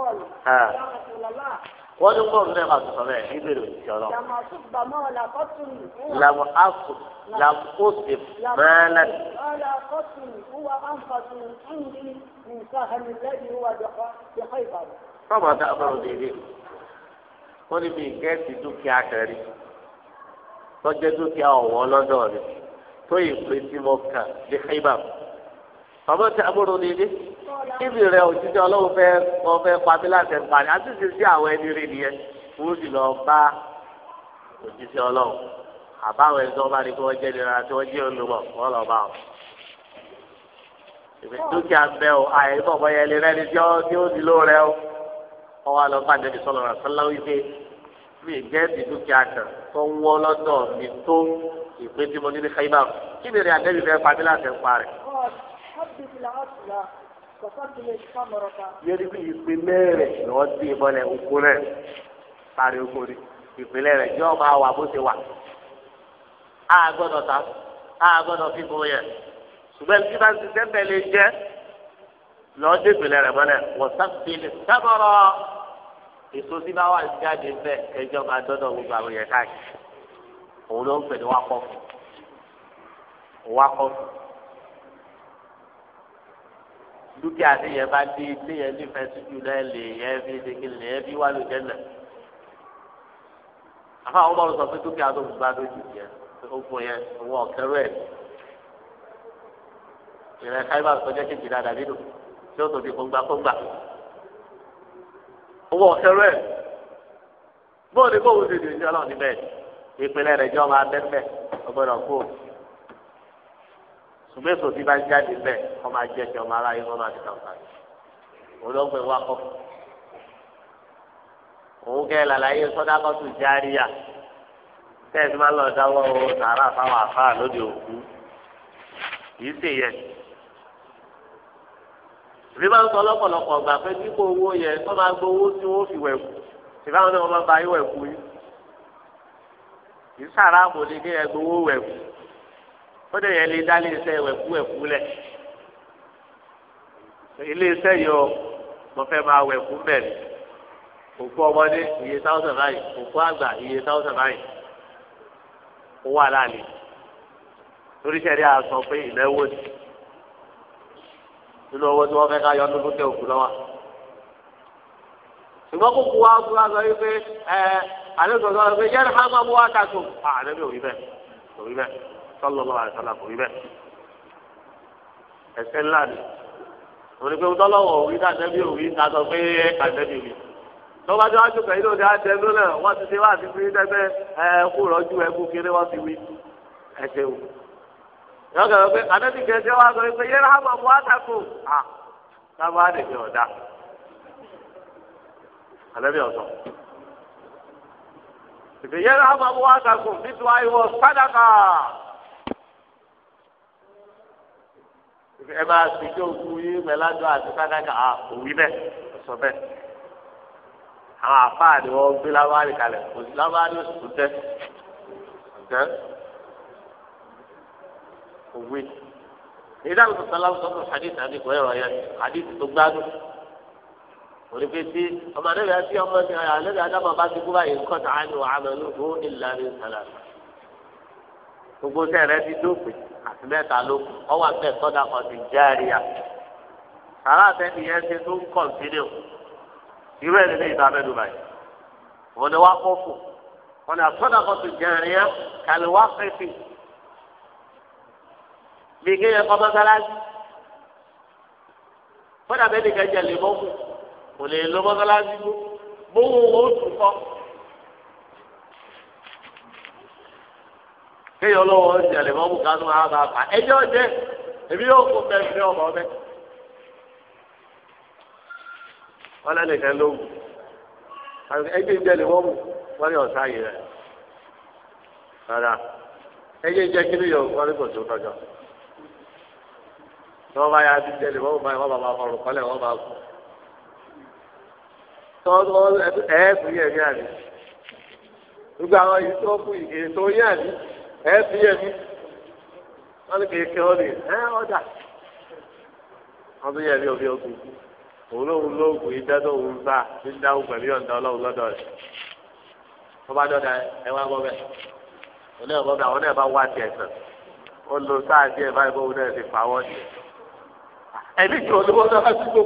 rẹ̀ wọ́n ní kóòrù náà máa sọ̀rọ̀ ẹ̀ níbèrè òjijì ọ̀rọ̀. làwọn akọ làwọn kóòtù máa nà. sọ́mọ tá a bọ̀rọ̀ dédé wọ́n ní bí gẹ́ẹ̀sì dúkìá kẹrin tọ́jẹ́ dúkìá ọ̀wọ́ lọ́dọ̀ rẹ̀ tó yìí pé tí mo kà ní Khaybar. sọ́mọ tá a bọ̀rọ̀ kíbi rẹ òjijì ọlọ́run fẹ́ wọ́n fẹ́ pàmí láti ẹ̀ka ni àti ti sí àwọn ẹni rí nìyẹn wọ́n sì lọ bá òjijì ọlọ́run àbáwọn ẹni tó bá ní kí wọ́n jẹ́ nira tí wọ́n jẹ́ olùmọ̀ wọ́n lọ bá wọn. dúkìá bẹ́ o àyẹ̀bọ̀ bọ́yá ẹni rẹ ni tí ó nílò rẹ o wọ́n wá lọ bá Ànábì sallallahu alaihi wasallam mi jẹ́ ti dúkìá kan tó ń wọ́ lọ́dọ̀ mi tó ìpín tí mo ní ní Khaybar kí ni rẹ̀ Ànábì fẹ́ pàmí láti ẹ̀ka yẹ́nì bí ìpínlẹ̀ rẹ̀ ni wọ́n ti ìbọlẹ̀ òkú rẹ̀ parí òkú rí ìpínlẹ̀ rẹ̀ yóò máa wà bó ṣe wà á gbọ́dọ̀ ta á gbọ́dọ̀ fi bó yẹ ṣùgbọ́n tí bá ń ṣiṣẹ́ tẹ̀lé jẹ́ lọ́ọ́ dé ìpínlẹ̀ rẹ̀ mọ́lẹ̀ wọ́n sábìlì sábọ̀rọ̀ èso tí bá wà jáde bẹ́ẹ̀ ẹjọ́ máa dọ́dọ̀ gbogbo àwọn yẹn káàkiri òun ló ń pè ní wákọ́fù wákọ́fù dúkìá tí yẹn bá dé tí yẹn nífẹ̀ẹ́ síjú náà lè yẹn fi dèkì lè yẹn fi wá ló jẹ́ nà. àfa àwọn ọmọ sọ pé dúkìá tó gbà tó jù yẹn ó fún yẹn owó ọ̀kẹ́rù ẹ̀. ìrẹ̀ káyọ̀ àtọ́jọ́ kejì dáadáa nínú tí ó tóbi kóńgbà kóńgbà. owó ọ̀kẹ́rù ẹ̀ bóòdì kóòwò ti dìrì sí ọlọ́run níbẹ̀ ìpínlẹ̀ rẹ̀ jọ́ máa bẹ́ẹ̀ ṣùgbọ́n èso tí bá jáde bẹ́ẹ̀ kọ́ máa jẹ́ kí ọmọ aráyé wọn máa ti kàn fàáyé olóògbé wa kọ́ òun kẹ́ làlàyé sọ́dákọ́tù járíà tẹ́ẹ̀sì máa ń lọ dáwọ́ sàárà fáwọn àfáà lóde òkú kì í ṣe yẹn ìbí máa ń sọ lọ́pọ̀lọpọ̀ gbà pé dípò owó yẹn tó máa gbowó tí wọ́n fi wẹ̀kú ìbáwọn náà wọ́n máa ba yín wẹ̀kú kì í sàrà àmọ̀lé kí ẹ gbowó wẹ̀kú ó dẹ̀ yẹn lè dá iléeṣẹ́ ẹ̀wẹ̀kú ẹ̀kú lẹ̀ iléeṣẹ́ yìí o mo fẹ́ máa wẹ̀kú bẹ̀rẹ̀ òkú ọmọdé iye táwùsàn báyìí òkú àgbà iye táwùsàn báyìí ó wà láàlẹ́ oríṣiríṣi àṣọ pé ìnáwó ni nínú owó tí wọ́n fẹ́ ká yọ ọdún lókè òkú lọ́wọ́ ṣùgbọ́n kó kú wa kú wa sọ yìí pé ẹ àlejò sọ pé yẹ́n hàn máa mú wa kà tó àlejò òwì bẹ́ẹ̀ òwì bẹ́ẹ̀ sallallahu alaihi wasallam kò rí bẹ́ẹ̀ ẹsẹ̀ ńlá ni òní pé tọ́lọ́wọ̀ òwì tàdébí òwì tàdọ̀ pé àdébí òwì tọ́ba tí wàá tó kẹ́yìn lóde àdébí náà wọ́n ti ṣe wá àti fi dẹ́gbẹ́ ẹ kú rọ́jú ẹ kú kéré wọ́n ti wí ẹsẹ̀ wò. yọ kẹ́kẹ́ pé àdébí kẹ́kẹ́ wá sọ pé yẹ́n hàn mọ̀ wá tako à sábà á dèjì ọ̀dà àdébí ọ̀sọ̀. ìfẹ̀yẹ́n hàn mọ̀ wá tako nítorí wọ́n sádàkà. ẹ máa sì tó kú yín pẹ̀lájọ àti kákàkà à òwí bẹ́ẹ̀ sọ bẹ́ẹ̀ àwọn àfáà ni wọ́n gbé lábáàrí kalẹ̀ kò sí lábáàrí òsùn tẹ́ tẹ́ òwe ìdáhùn tó sọlá sọ́kù hadith àti ìkọ̀ ẹ̀rọ yẹn hadith tó gbádùn onípe tí ọmọ àdébí àti ọmọ ti ọyà àdébí àdámọ̀ bá ti kú báyìí nǹkan tàn án ní wàhálà ló ìlànà ìsàlà gbogbo sẹ́ẹ̀rẹ́ ti dópin àti mẹ́ta ló kù ọwọ́ àti ẹ̀tọ́dà kan ti jẹ́ àríyá sàrà àtẹ́ni yẹn ṣe tó ń kọ̀ǹtínú irú ẹni ní ìta mẹ́nu báyìí òun ni wá kó fò wọn ni àtọ́dà kan ti jẹ́ àríyá kàlí wá pèsè bí kéèyàn kọ́ mọ́sálásí fọ́dà bẹ́ẹ̀ ni kẹ́jẹ́ lè mọ́ kù kò lè lo mọ́sálásí gbó gbówó owó tù kọ́. kéèyàn ọlọ́wọ́ ṣẹlẹ̀ mọ́ bùkátà máa bá a fà ẹjọ́ jẹ́ èmi yóò kó bẹ́ẹ̀ fi ọmọ bẹ́ẹ̀. wọ́n lẹ́nu ìfẹ́ ló wù ẹjẹ́ ìjẹ́lẹ̀ wọ́n wù wọ́n ní ọ̀sán yìí rẹ̀ rárá ẹjẹ́ ìjẹ́ kí ni yòó wọ́n ní kò tó tọ́jọ́ tí wọ́n bá yá ti jẹ́lẹ̀ wọ́n bá wọ́n bá bá fọ̀rọ̀ kọ́lẹ̀ wọ́n bá kú tọ́ ẹ ẹ́ fún àná gbogbo àwọn èyí tó àná ẹ bí ẹni wọ́n ní kéèké wọ́n ní ẹ ọ̀dà wọ́n tún yẹ ní òbí ogun òun lóhun lóògùn ìdá tó ń bá ní dáhùn pẹ̀lú ọ̀dà ọlọ́run lọ́dọ̀ rẹ̀ wọ́n bá dọ̀dà ẹ wá gbọ́ bẹ́ẹ̀ òun náà gbọ́ bẹ́ẹ̀ àwọn náà bá wá tiẹ̀ sàn ó lo sáà díẹ̀ báyìí bóun náà ti fà wọ́n ni ẹni tí olówó náà ti gbó.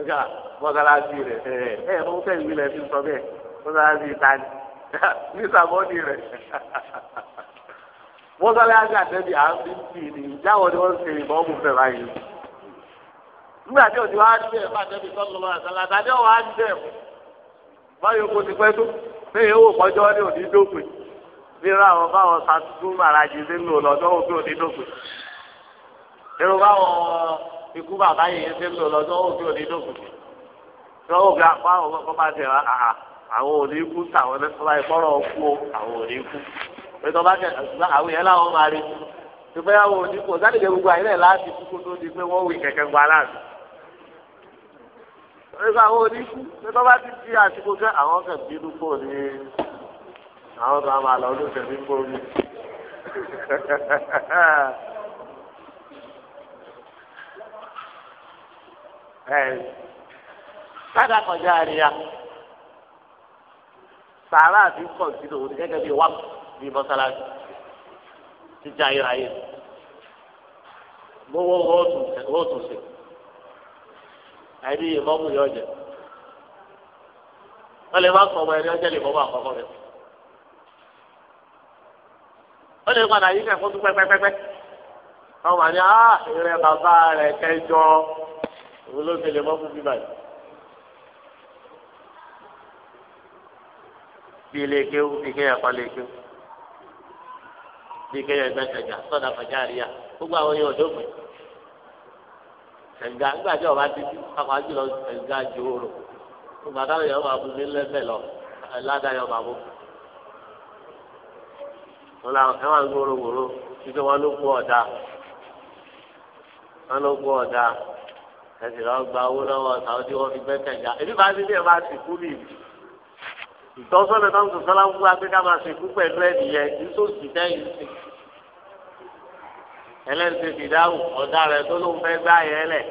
ẹ̀ka mọ́sálásí rẹ̀ ẹ̀ ẹ̀ mọ́sálásí rẹ̀ ti sọ bẹ́ẹ̀ mọ́sálásí ìta ní sàmọ́nì rẹ̀ mọ́sálásí àtẹ́bí à ń bí ní ìjáwọ́ ni wọ́n ń ṣe ìbọn fẹ́ báyìí nígbà tí òtí wàá dé ẹ̀fọ́ àtẹ́bí sọ́lọ́mọ́ àtàlà àtàdé ọ̀ wàá dé ẹ̀fọ́ báyọ̀ kó ti pẹ́ tó bẹ́ẹ̀ yóò kọjọ́ ní òní dópin nírọ̀ àwọn báwọn sàtúntún màràjì nínú lọ́dọ́ òkè òní dópin nírú báwọn ikú bàbá yìí ṣe ń lò lọ́dọ́ òkè òní dópin àwọn ò ní kú táwọn ní fúláì fọ́rọ̀ kú o àwọn ò ní kú pé tó bá jẹ ṣùgbọ́n àwọn yẹn láwọn máa rí ṣùgbọ́n àwọn ò ní kú ọ̀sán ìgbẹ́ gbogbo àyẹ̀lẹ̀ láti kúkú tó di pé wọ́n wí kẹ̀kẹ́ gba láàrin. pé àwọn ò ní kú pé tó bá ti di àsìkò kẹ́ àwọn kẹ̀ bínú pò ní àwọn kan máa lọ lóṣẹ̀ ní gbòmí. ẹ̀ sádà kọjá àríyá sàárà àti kọ̀ǹtì lòun ní gẹ́gẹ́ bí wà ní mọ́sálásí títí ayérayé gbowó wọ́ọ̀tún sí àìní ìmọ̀mù yọ jẹ wọ́n lè má sọ ọmọ ẹni ọjọ́ lè mọ́mọ́ àkọ́kọ́ rẹ̀ wọ́n lè padà yí kẹ́kọ̀ọ́ tún pẹ́pẹ́pẹ́pẹ́ wọ́n wà ní ah ìrẹ́ bàbá rẹ̀ kẹjọ òun ló fi lè mọ́mù bíbáyìí. bí ilé kéwú bí kéèyàn kọ́ lé kéwú bí kéèyàn gbẹ́ sẹ̀gà sọ́dà àríyá gbogbo àwọn yẹn ọ̀dọ́ ọba ti di pàpà jùlọ sẹ̀gà jòòrò gbogbo àtàwọn yẹn ọba bu mi lọ ládàá yẹn ọba bu wọn làwọn wà ń gbòòrò wòrò títí wọn ló ọ̀dà wọn ló ọ̀dà owó lọ́wọ́ sàwọn tí wọ́n fi bá ti ìtọ́sọ́nà tó ń sọ sọ́lá ń fún akéka máa ṣe kú pẹ̀lú ẹ̀dìyẹ nítòsí dẹ́yìn sí ẹlẹ́sìn fìdáhùn ọ̀dà rẹ̀ tó ló ń fẹ́ gbá yẹn lẹ̀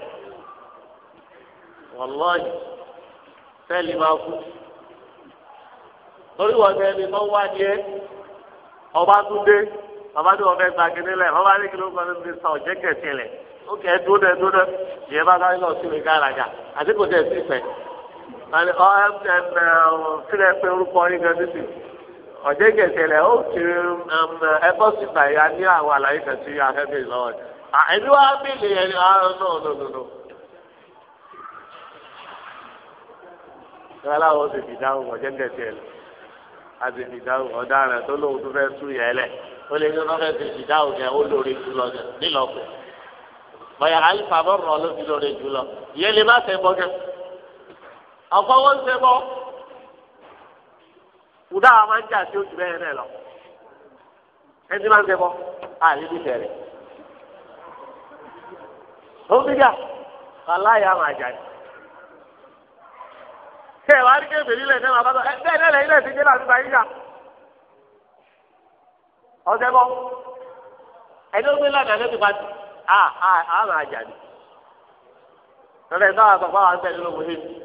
wọ́lọ́ọ̀yì sẹ́ẹ̀lì máa kú torí wọ́n fẹ́ mi lọ́wọ́ adìẹ ọba tún dé bàbá tí wọ́n fẹ́ gba kíní lẹ̀ bàbá ní kí ló gbọ́n ní sàn ọ̀jẹ́ kẹ̀sìn lẹ̀ ó kẹ́ dúdẹ dúdẹ ìyẹn bá sáré lọ sí mi ká àti kò tẹ̀ sí ìfẹ́ àni ọ ẹ ẹ sílẹ̀ pé orúkọ yín kan títì ọ̀jẹ̀ gẹ̀ẹ́sẹ̀lẹ̀ ó ti ẹ̀kọ́ sí bàyà ní àwọn àlàyé kan tí a fẹ́ bèèrè lọ́wọ́ ẹni wá bèèrè yẹn ni ọ̀rọ̀ náà nù nù nù. aláwọ̀ ó sì fi dáhùn ọ̀jẹ̀ gẹ̀ẹ́sẹ̀lẹ̀ a sì fi dáhùn ọ̀daràn tó lóun tó fẹ́ tú yẹn lẹ̀ ó lè ní wọ́n fẹ́ sì fi dáhùn yẹn ó lórí jùlọ ọ̀pọ̀ wọn ṣe bọ́ kùdà àwọn máa ń jà sí oṣù lọ ẹni máa ń ṣe bọ́ àlè ní bẹ̀rẹ̀ ó ń bíjà aláya máa jà ní. ṣé wàá rí kébèrè ilẹ̀ náà bá tọ́ bẹ́ẹ̀ náà lẹ́yìn náà ti dé láti bá yíjà ọ̀sẹ̀ ẹni ó gbé lánàá bá ti à à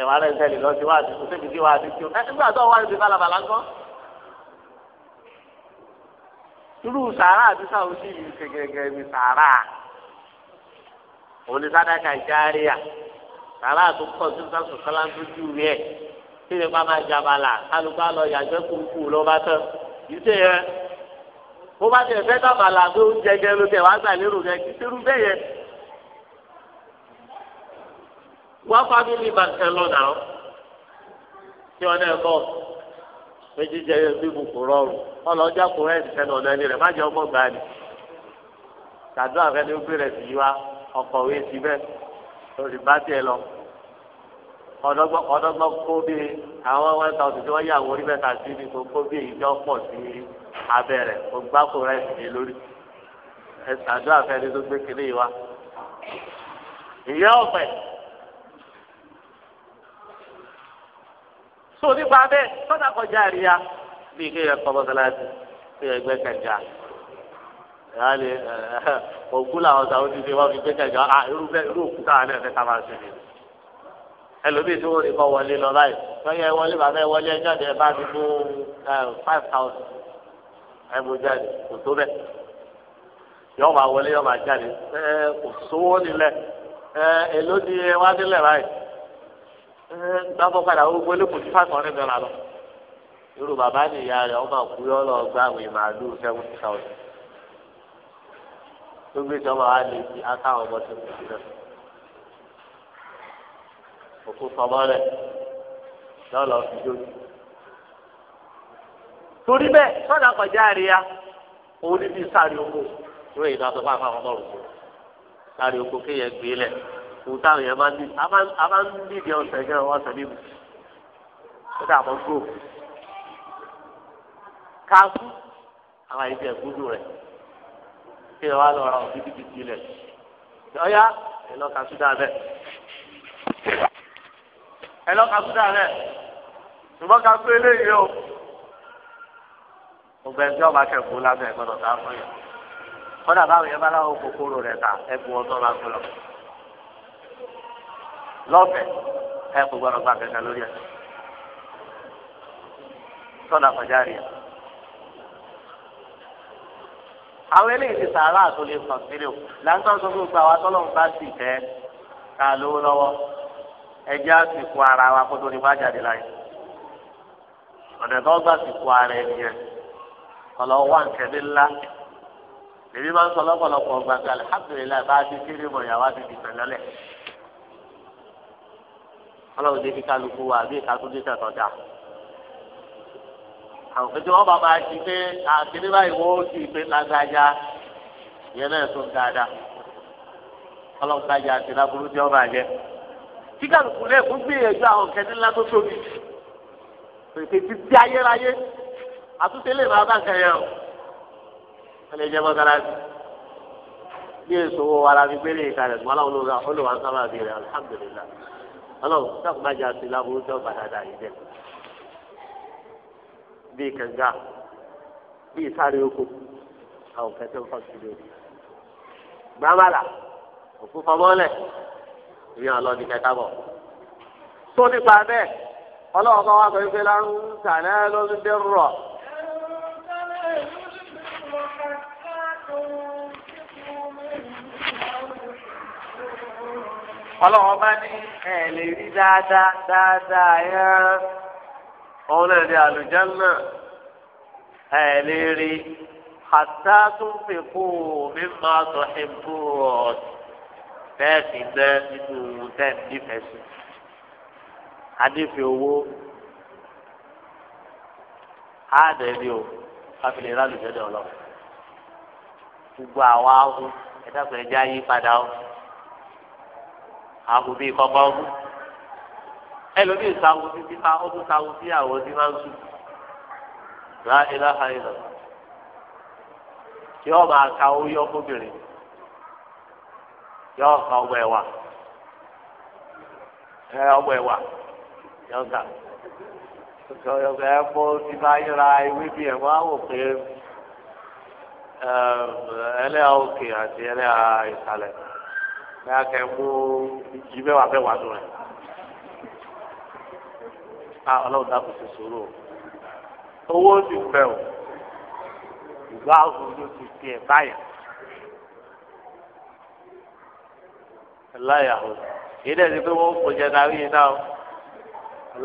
ẹ̀wà rẹ̀ ń tẹ̀lé lọ sí wáàdì kò síbi tí wáàdì tí o ẹ nígbà tó wáàdì balabala ńkọ́. irú sàárà àti sàwùsí yìí ṣe gẹ́gẹ́ bí sàárà òní sádàkà járíà sàárà tó pọ̀ sí sàṣọ sáláńtójú rẹ̀ kí ni bá máa jabala kálukú àlọ́ yàgbẹ́ kúrúkú ló bá tán yìí ṣe yẹ bó bá tẹ̀ fẹ́ dábàlà pé oúnjẹ gẹ́ ló tẹ̀ wá gbà lérò gẹ́ kí wọ́n fámìlì bàtẹ lọ́nà ọ́ tí wọ́n náà bọ̀ méjì jẹ bí mo kò rọrùn ọlọ́jà kò rẹ̀ ti sẹ́nu ọ̀nà ẹni rẹ̀ má jẹ́ ọmọ gbà ní. tàdúrà fẹ́ni ó bẹ̀rẹ̀ sí wa ọkọ̀wé ti bẹ́ẹ̀ lórí bá tiẹ̀ lọ. ọ̀dọ́gbọ́n kó bí àwọn one thousand tí wọ́n yà wọ́n rí mẹ́ta sí ni kò kó bí èyí tó pọ̀ sí abẹ́ rẹ̀ kò gbá kò rẹ̀ sí lórí. ẹ tàdúrà fẹ́ni tó gbé kiri wa. so nípa bẹ́ẹ̀ sọ́dà kọjá àríyá bíi kéèyàn kọ́ mọ́sálásí kéèyàn gbẹ́ kẹjà ìyáálé òkú làwọn sàwọn ti ṣe wọ́n fi gbé kẹjà à irú bẹ́ẹ̀ irú òkú káwọn náà fẹ́ ká máa ṣe ni ẹlòmíì tí wọ́n ti kọ́ wọlé lọ báyìí lọ́yẹ wọlé bàbá wọlé ẹjọ́ dẹ̀ bá mi mú five thousand ẹ mú jáde kò tó bẹ́ẹ̀ yọ máa wọlé yọ máa jáde ẹ kò sówó nílẹ̀ ẹ èló ni ẹ wá nílẹ̀ gbàgbọ́ padà gbogbo elékùn tí fáìmù ọ̀rẹ́ mẹ́ra lọ. irú bàbá nìyá rẹ̀ ọmọ àkú yọ lọ gba àwọn ìmàlú seventy thousand. tó gbé sọ́mọ wa lè fi akáwọn ọmọ tó ti sílẹ̀. òkú fọmọ rẹ̀ fi torí bẹ́ẹ̀ sọ́dà kọjá àríyá òun sáré oko. ìwé ọmọ sáré oko kéèyàn gbé lẹ̀. òun táwọn yẹn máa ń ní a máa ń nídìí ọ̀sẹ̀ gẹ́gẹ́ wọ́n sọ níbi ó dà mọ́ gbò káfú àwọn àyè bíi ẹ̀gúdù rẹ̀ kí ẹ wá lọ ra òbí bíbí tilẹ̀ ọ̀yá ẹ lọ ka súdà bẹ́ẹ̀ ẹ lọ ka súdà bẹ́ẹ̀ ṣùgbọ́n ká gbé eléyìí o gbogbo ẹni tí ọba kẹ̀kọ́ lábẹ́ ẹ̀ gbọ́dọ̀ tá a fún yẹn kọ́dà báwo yẹn bá láwọn kòkòrò rẹ̀ ta ẹ̀ bu ọtọ́ bá gbọ́ lọ́fẹ̀ẹ́ ẹ kò gbọ́dọ̀ gba kankan lórí ẹ̀ sọ́dà kọjá rí ẹ̀. àwọn eléyìí ti sàárà tó lè kàn sílé o láńtọ́ sọ fún gbàgbà tọ́lọ́mù bá sì fẹ́ ká lówó lọ́wọ́ ẹjẹ́ á sì kó ara wa kó tó ní bá jáde láyé ọ̀dẹ̀ tó gbà sì kó ara ẹni yẹn kọlọ̀ wà nkẹ́ni ńlá èmi máa ń sọ lọ́pọ̀lọpọ̀ gbàgbà alhamdulilayi bá a ti kéré mọ̀ ìyàwó a ti dìbẹ̀ lọ́lẹ̀ ọlọ́run débi kálukú wa àbí ìkàtúndé tẹ̀tọ̀dà. àwọn pẹ̀lú wọn bàbá ti pé àkíní báyìí wọ́n ti pé lágbájá ìyẹn náà tún dáadáa. ọlọ́run kájà àti láburú jẹ́ ọba jẹ́. tí kálukú náà kún gbìyànjú àwọn kẹ́ni ńlá tó tóbi. pèsè ti di ayérayé àtúntò lè máa bá kẹyẹ o. wọ́n lè jẹ́ mọ́sálásí. bí èso wo ara bí rẹ̀ alihamudulilayi ọlọ́run sọ́kùn má jà sí láburú tó bá dáadáa yìí dẹ̀. bíi kànga bíi sáré oko àwọn kẹtẹ ń fọ sí lórí. gbàmàlà òkú fọmọ́lẹ̀ ìyẹn ọlọ́ọ̀ni kẹta bọ̀. tó nípa bẹ́ẹ̀ ọlọ́run kan wá sọ wípé lárúntà náà ló ń dẹ́rù ọlọ́wọ́ bá ní ẹ lè rí dáadáa dáadáa yẹn òun náà ní àlùjánnà ẹ lè rí hatta tún fi kú mi máa tọ̀ ẹ̀ bú ọ̀ bẹ́ẹ̀ sì nínú tẹ̀ nífẹ̀ẹ́ adífi owó àádẹ́bí o káfílẹ̀ rálùjẹ́dẹ́ ọlọ́run gbogbo àwọn ahun ẹ̀dá pẹ̀lú ẹja yí padà o àhùn bíi kọ́kọ́ ń ẹlòmíì sáwù títí ká ó tún sáwù sí àwọn tí máa ń sùn rà ìlàhà ìlà yóò máa ka orí ọkùnrin yóò ka ọgbà ẹ̀wà ẹ ọgbà ẹ̀wà yóò kà ọgbà ẹ̀fọ́ ti bá yíra ewé bí ẹ̀ wá wò pé ẹlẹ́yà òkè àti ẹlẹ́yà ìsàlẹ̀. báyà kẹ́ mú ìjì mẹ́wàá a ọlọ́run ti o ìgbà ọ̀hún ló ti fi ẹ̀ baya láyà o kì í dẹ̀ ti pé wọ́n kò jẹ darí yìí náà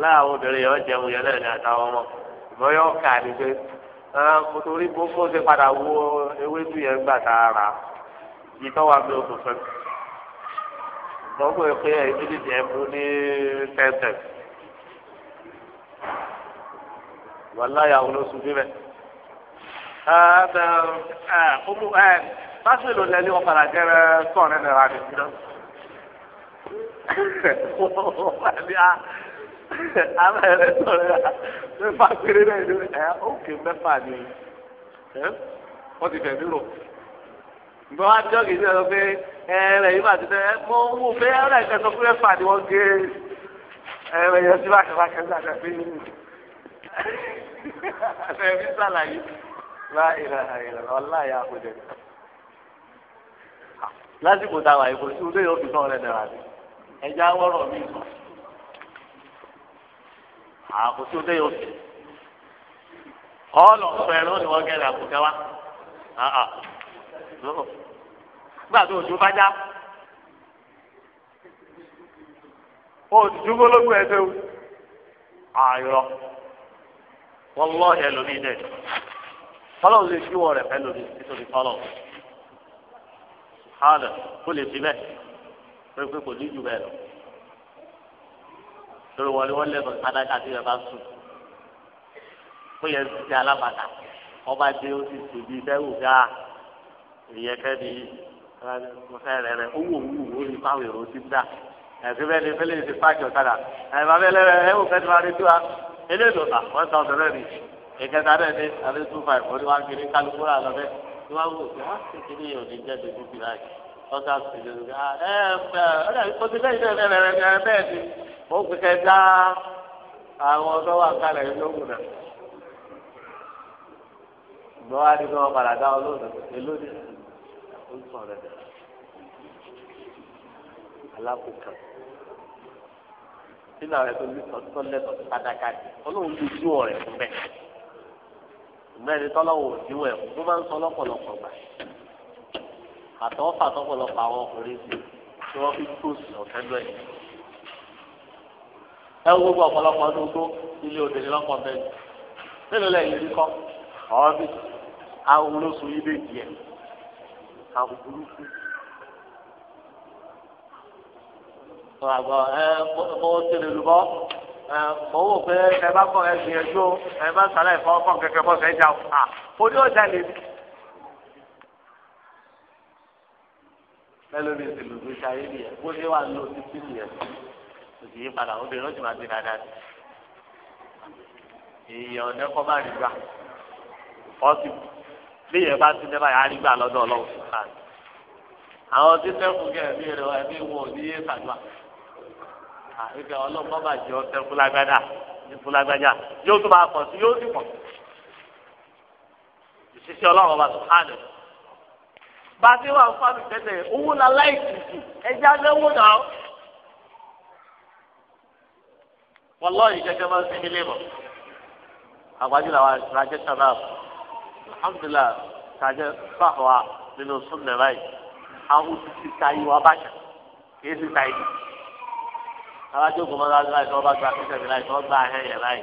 láyà o obìnrin jẹun yẹn lẹ́yìn àtàwọn ọmọ ìbọn yóò kà ní pé mo padà wo ewédú yẹn gbà tá a o lọ́gbọ̀n ah, <laughs> ẹ̀ pé ẹ̀mí ní ẹ̀mú ní tẹ́tẹ̀. wàláyà wọn ló sùn bíbẹ̀. báṣọ èlò lẹ́ni wọn padà jẹ́rẹ́ sọ̀rọ̀ ẹ̀ nira nìkan. Amẹ̀rẹ̀ sọ̀rọ̀ ẹ̀ mẹ́fà péré náà ẹ̀ ókè mẹ́fà ni wọ́n ti fẹ̀ mí rò bọ́ wá jọ́ kìí sọ pé ẹ̀rẹ̀ yìí bá ti tẹ́ mọ owó pé ẹ̀rẹ̀ kẹsàn fún ẹ̀fà ni wọ́n gé ẹ̀rẹ̀ yẹn sí bàtà bàtà sàkà pé ẹ̀mí <laughs> sàlàyé lá ìlànà ìlànà ọ̀la ìyá àkójọ lásìkò táwa ìbò tí olóyè òbí náà rẹ̀ dára ni ẹja wọ́rọ̀ mi sọ àkótó olóyè òbí ọ̀ọ́lọ̀ fẹ́ràn ni wọ́n gẹ̀rẹ̀ àkójọ wa nígbà tó òjò bá já òjò gbólógún ẹsẹ̀ o àyọ wọn lọ ẹlòmíì dẹ fọlọ́n lè fi wọ rẹ̀ fẹ́ lórí nítorí fọlọ́n hànà kó lè fi bẹ́ẹ̀ pé pé kò ní jù bẹ́ẹ̀ lọ lórí wọn ni wọ́n lẹ́nu adájọ́ àti ìyàbá sùn ó yẹ ti alábàtà ọba dé ó ti sùn bíi fẹ́ wù dáa ìyẹn kẹ́ni mo fẹ́ rẹ̀ rẹ̀ owó òwú ó ní fáwọn èrò ti dá ẹ̀sìn bẹ́ẹ̀ ni fẹ́lẹ́ ti pàṣẹ ọ̀kadà ẹ̀ bàbá ẹlẹ́rẹ̀ ẹ̀ wò fẹ́ẹ́ ti máa rí tó a ilé ìdọ̀tà one thousand rẹ̀ ni ìkẹta náà ní àti two five ó ní wá kiri kálukú rà lọ́fẹ́ tí wọ́n wò pé á sì kiri yóò ní jẹ́ tuntun bí ah, àwọn ọ̀dọ́ wà kálẹ̀ lóhùn náà gbọ́ wá ní kí wọ́n padà dá ọ lóhùn èló ó rẹ̀ dẹ̀ alákòókàn sínú àwọn ẹgbẹ́ olùsọ tó lẹ́tọ̀ sádákà ni ọlọ́run ti dún ọ̀rẹ́ fún bẹ́ẹ̀ mẹ́rin tọ́lọ́wọ́ òdiwọ̀n ẹ̀kú tó máa ń sọ lọ́pọ̀lọpọ̀ gbà àtọ́ tọ́pọ̀lọpọ̀ àwọn ọkùnrin sí tí wọ́n fi kúròsì ọ̀fẹ́ lọ́yìn ẹ wo gbogbo ọ̀pọ̀lọpọ̀ ọdún tó ilé obìnrin lọ́pọ̀ bẹ́ẹ̀ mélòó lẹ́yìn rí kọ́ ọ̀ọ́bì àwọn olóṣù yìí lè jẹ́ àkùkù burúkú. sọ àgbọ̀ ẹ mọ tẹlẹ lùbọ́ ẹ mọ wò pé ẹ bá kọ ẹ gbìyànjú ẹ bá sàlẹ̀ ìfọwọ́kọ̀ kẹ̀kẹ́ bọ́ sẹ́jà à ó ní ọjà lè ní. lẹ́lómi ti lùdú ṣayé nìyẹn bó ṣe wà lò títí nìyẹn òsì yí padà obìnrin lọ́jọ́ máa ti dáadáa sí. èèyàn ọ̀dẹ́kọ́ bá rí gbà ọ́ bí yẹn bá ti dẹ́bà yàrá gbà lọ́dọ̀ ọlọ́run àwọn tí sẹ́kù kẹ́ ẹ̀mí rẹ̀ wá ẹ̀mí wọn ní yé sàdúrà àìkẹ́ ọlọ́run bá bàjẹ́ ọtẹ fúlágbádà fúlágbájá yóò tún máa pọ̀ sí yóò sì pọ̀ ìṣiṣẹ́ ọlọ́run ọba sùkàn rẹ̀ bá a ti wà fún àmì owó la láì tìtì ẹja lẹ́wọ́ náà wọ́n lọ́ọ̀yì gẹ́gẹ́ bá ń sinmi lé àgbájú làwọn àṣìṣe náà alhamdulilayi kàjẹ fáwọn nínú súnmẹ báyìí àwọn títí táyé wa bàjẹ́ kìí ti táyé alájókòó máa ń gbà láì tó ọba gba akẹ́kẹ́ mi láì tó ọgbà ahẹ́ yẹn láì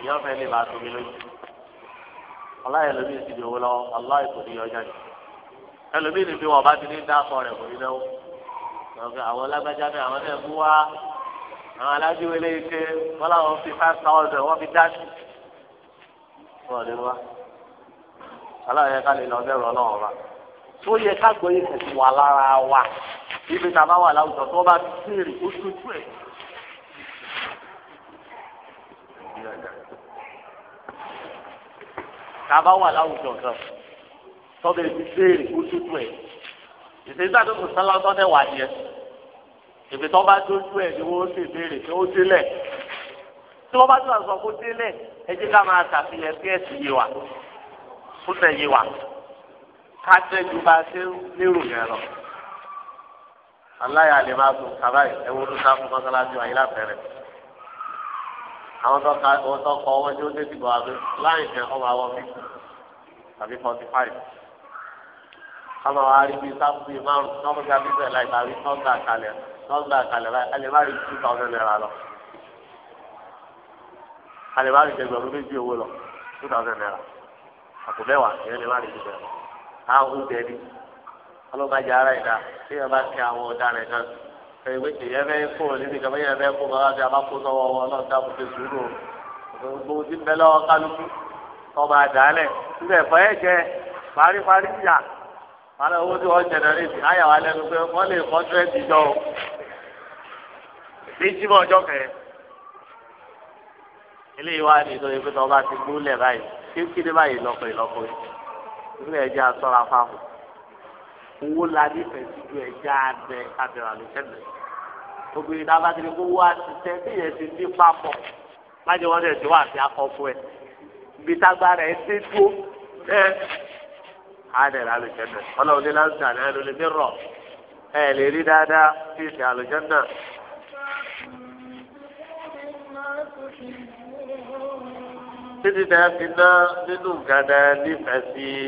ìyá ọ̀fẹ́ lè máa tóbi lójú ọláyẹ lómi ti dòwó lọ ọláyẹ kò ní ọjà ni ẹlòmíì ni bí wọn bá ti ní dáàbò rẹ kò ní náwó àwọn alágbájá mi àwọn náà mú wá àwọn alájúwèlé ike wọn làwọn fi five thousand wọn fi dá sí wọn lè wá aláyẹ ká lè lọ bẹ̀rù ọlọ́run wa tó yẹ ká gbóyè tẹ̀sí wà lára wa ibi tá a bá wà láwùjọ tó bá béèrè ó sojú ẹ̀. tá a bá wà láwùjọ kan tó bẹ ti béèrè ó sojú ẹ̀. ìṣèjì àdókò sálá tó dẹ̀ wà yẹ ìbí tó bá dojú ẹ̀ ni wọ́n sì béèrè tí ó délẹ̀ tí wọ́n bá tó àṣọ kó délẹ̀ ẹ jẹ́ ká máa tàfihàn sí ẹ̀sìn yìí wa kúnlẹ̀ yìí wà kájẹ́ ju bá a ṣe lérò yẹn lọ. aláya lè máa sùn kaba yìí ẹ wọlé sáfù mọ́sálásí wa yìí lábẹ́rẹ́. àwọn tó ka àwọn tó kọ ọwọ́ tí ó tètè bọ̀ àbí láì jẹ́ ọmọ àwọn fi tàbí forty five. káma wa rí bí sáfù bíi márùn nọ́ọ̀mù tí a fi bẹ̀rẹ̀ láì tàbí nọ́ọ̀gbà kalẹ̀ nọ́ọ̀gbà kalẹ̀ báyìí a má rí two thousand naira lọ. a má rí àkùbẹ́wà ìyẹn lè má lè dìbò ẹ̀rọ ara ìdá tí yẹn bá ti àwọn ọ̀daràn kan ìwé tí yẹn fẹ́ níbi yẹn a sọ́wọ́ wọn náà dáàbò tó sùúrù gbogbo lọ́wọ́ kálukú ọba jẹ wàhálà owó tí wọ́n lẹ́nu pé wọ́n lè jọ o bí jímọ̀ ọjọ́ eléyìí wá ní ìtọ́jú pé kékeré báyìí lọ́kọ̀ ìlọ́kọ̀ ìlú ẹ̀jẹ̀ asọ́ra fáwọn owó la nífẹ̀ẹ́ sí ju abẹ abẹ̀rẹ̀ àlùfẹ́lẹ̀ obìnrin náà bá ti di kó wá ṣiṣẹ́ bí yẹn ti ní papọ̀ májè wọn dẹ̀ ti wà sí akọ́kọ́ ẹ̀ ibi tágbára ẹ̀ ti dúró ẹ̀ àdẹ̀rẹ̀ àlùfẹ́lẹ̀ ọlọ́run ní láti àná ẹ̀ lórí mi rọ̀ ẹ̀ lè rí dáadáa sí ìsìn àlùfẹ́lẹ̀ títí tẹ́ fi ná nínú nǹkan náà nífẹ̀ẹ́ sí i.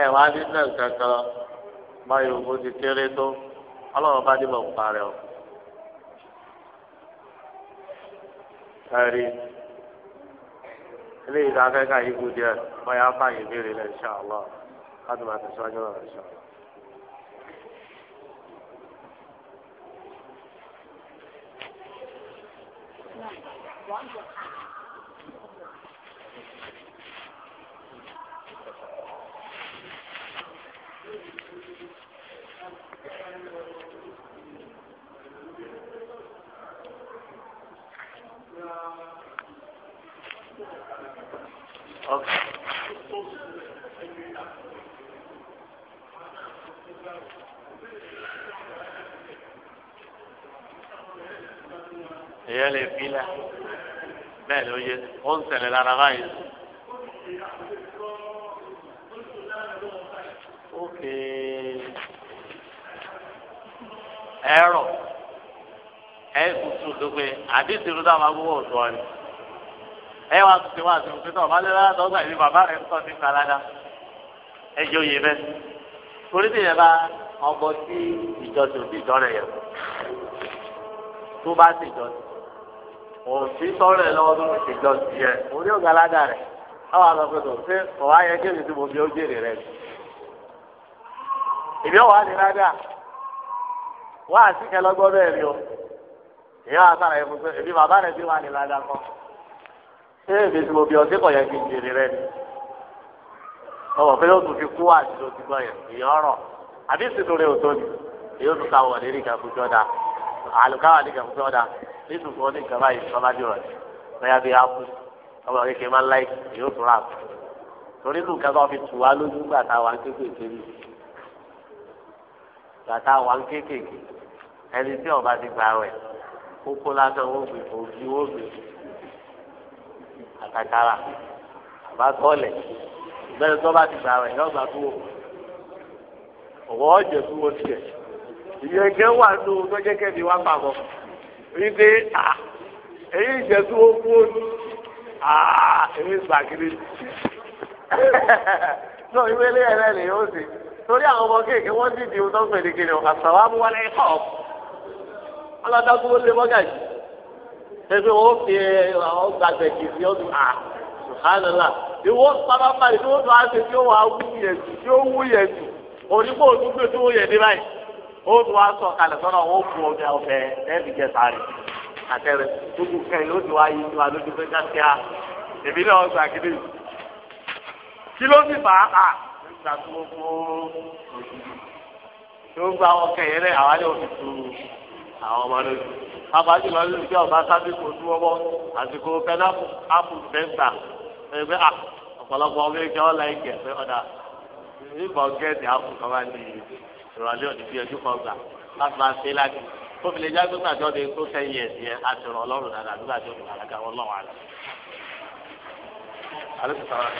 ẹ wá nínú nǹkan kan báyọ̀ owó ti kéré tó ọlọ́run bá dé mọ̀ ń parẹ́ o. ẹ̀rí ilé ìdáfẹ́ ká yíkú díẹ̀ báyà báyìí béèrè lẹ́yìn ṣáà lọ́wọ́ láti máa tẹ̀síwájú náà ṣáà. Okay. èèyàn lè fi lẹ bẹ́ẹ̀ ló yẹ ó ń ṣẹlẹ̀ lára báyìí. ókè ẹrọ ẹ tutù dùgbẹ àdìsí ló dáa máa gbówó ọ̀tọ̀ rẹ ẹ wá tutù wá sí òkúta ọ̀bálẹ́lá dọ́gba ìdí bàbá rẹ ń tọ́ sí kalada ẹ jẹ́ òye bẹ́ẹ̀ torí ti yẹ bá ọgbọ́n sí ìjọsìn ìjọ rẹ̀ yẹ tó bá sì jọsìn òsì sọ̀rọ̀ ẹ̀ lọ́wọ́ tó fi ṣèjọ sí ẹ orí ọ̀gá aládà rẹ̀ káwọn àlọ́pẹ̀ tó ṣe ọ̀wá yẹ kí èmi tí mo fi ó jèrè rẹ̀ ni. ìbí ọ̀wá ni rádà wá àtìkẹ́ lọ́gbọ́dọ̀ ẹ̀mí o ìyá àtàrà ẹ̀fọ́ pé èmi bàbá rẹ̀ bí wà ní rádà kọ́ ṣé èmi tí mo fi ọtí kọ̀ yẹ kí n jèrè rẹ̀ ni. ọwọ́ pé yóò fi kú àti gbọ́ yẹn ìyá nínú kan ní kaba yìí sọlá jù rẹ lọ́yà bíi apu ọmọ kékeré máa ń láì yóò tún rà pọ̀ torí nù kaba fi tù wá lójú gbà tá a wà ń kékèké ni gbà tá a wà ń kékèké ẹni tí ọba ti gbà rẹ kókó lásán ó gbé òbí ó gbé àtàkàrà àbá tọ́lẹ̀ ìgbẹ́ni tó bá ti gbà rẹ yọ̀gbà tó wò ọ̀wọ́ ọ̀jẹ̀ tó wọ́n tiẹ̀ ìyẹn kẹ́ wà nù tó jẹ́ kẹ́mi wá pàgọ́ wípé èyí ìjẹ́sí ó kú òní èmi gbàgede <laughs> náà ìwé ilé ẹ̀rẹ́ ni yóò ṣe torí àwọn ọmọ kéèké wọ́n dìde ohun tó ń pèlè kiri àṣàwọ̀ amúwálé ẹ̀kọ́ ọlọ́dọ́gbọ́n lé mọ́gàjì ẹgbẹ́ wọn fi àwọn gbàgbẹ́jì sí ọdún à sùhánàlá ìwọ sábà báyìí tí wọ́n tún á ṣe tí ó wà á wú yẹ̀tù tí ó wú yẹ̀tù òní kò tún gbé tó yẹ̀ ní báyìí. ó tún wá sọ kalẹ̀ sọ́nà ó kú ọbẹ̀ ọbẹ̀ ẹ̀ẹ́dì jẹ sáré àtẹ̀rẹ̀ gbogbo kẹ́yìn ló ti wá yí ju alójú pé káṣíà èmi náà gbà kí kí ló sì fà á nígbà tó fún tó gba àwọn kẹ́yìn rẹ̀ àwọn àlẹ́ òfin tu àwọn ọmọ lójú abájú lọ lórí bí ọba sábìkò tó wọ́pọ̀ àsìkò pẹ́nápù ápù fẹ́ǹtà ọmọ ìbọn àtìrọ̀lẹ́ òní fi ojú kan gbà láti máa ṣe láti kó fi lè já gbégbà tó de tó sẹ́yìn ẹ̀ sí ẹ àtìrọ̀ ọlọ́run dáadáa nígbà tó kù àlàkà wọn lọ́wọ́ àlọ́. alẹ́ sọ̀rọ̀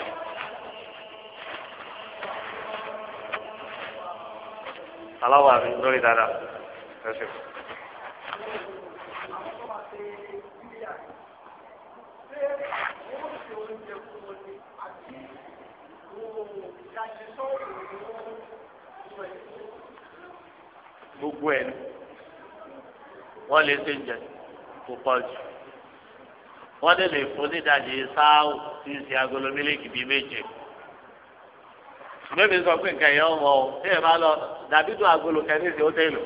aláwọ̀ àmì lórí dáadáa ẹ ṣe. Thank you gbogbo ẹ̀ wọ́n lè ṣe jẹ kó pọ̀ jù wọ́n lè lè fún nídàjì sáàwù tí ń ṣe agolo mílíkì bíi méje mẹ́mi sọ pé nǹkan yẹn ọmọ o tí ẹ bá lọ dàbí tó agolo kẹ́ni ṣe ó tẹ̀ lò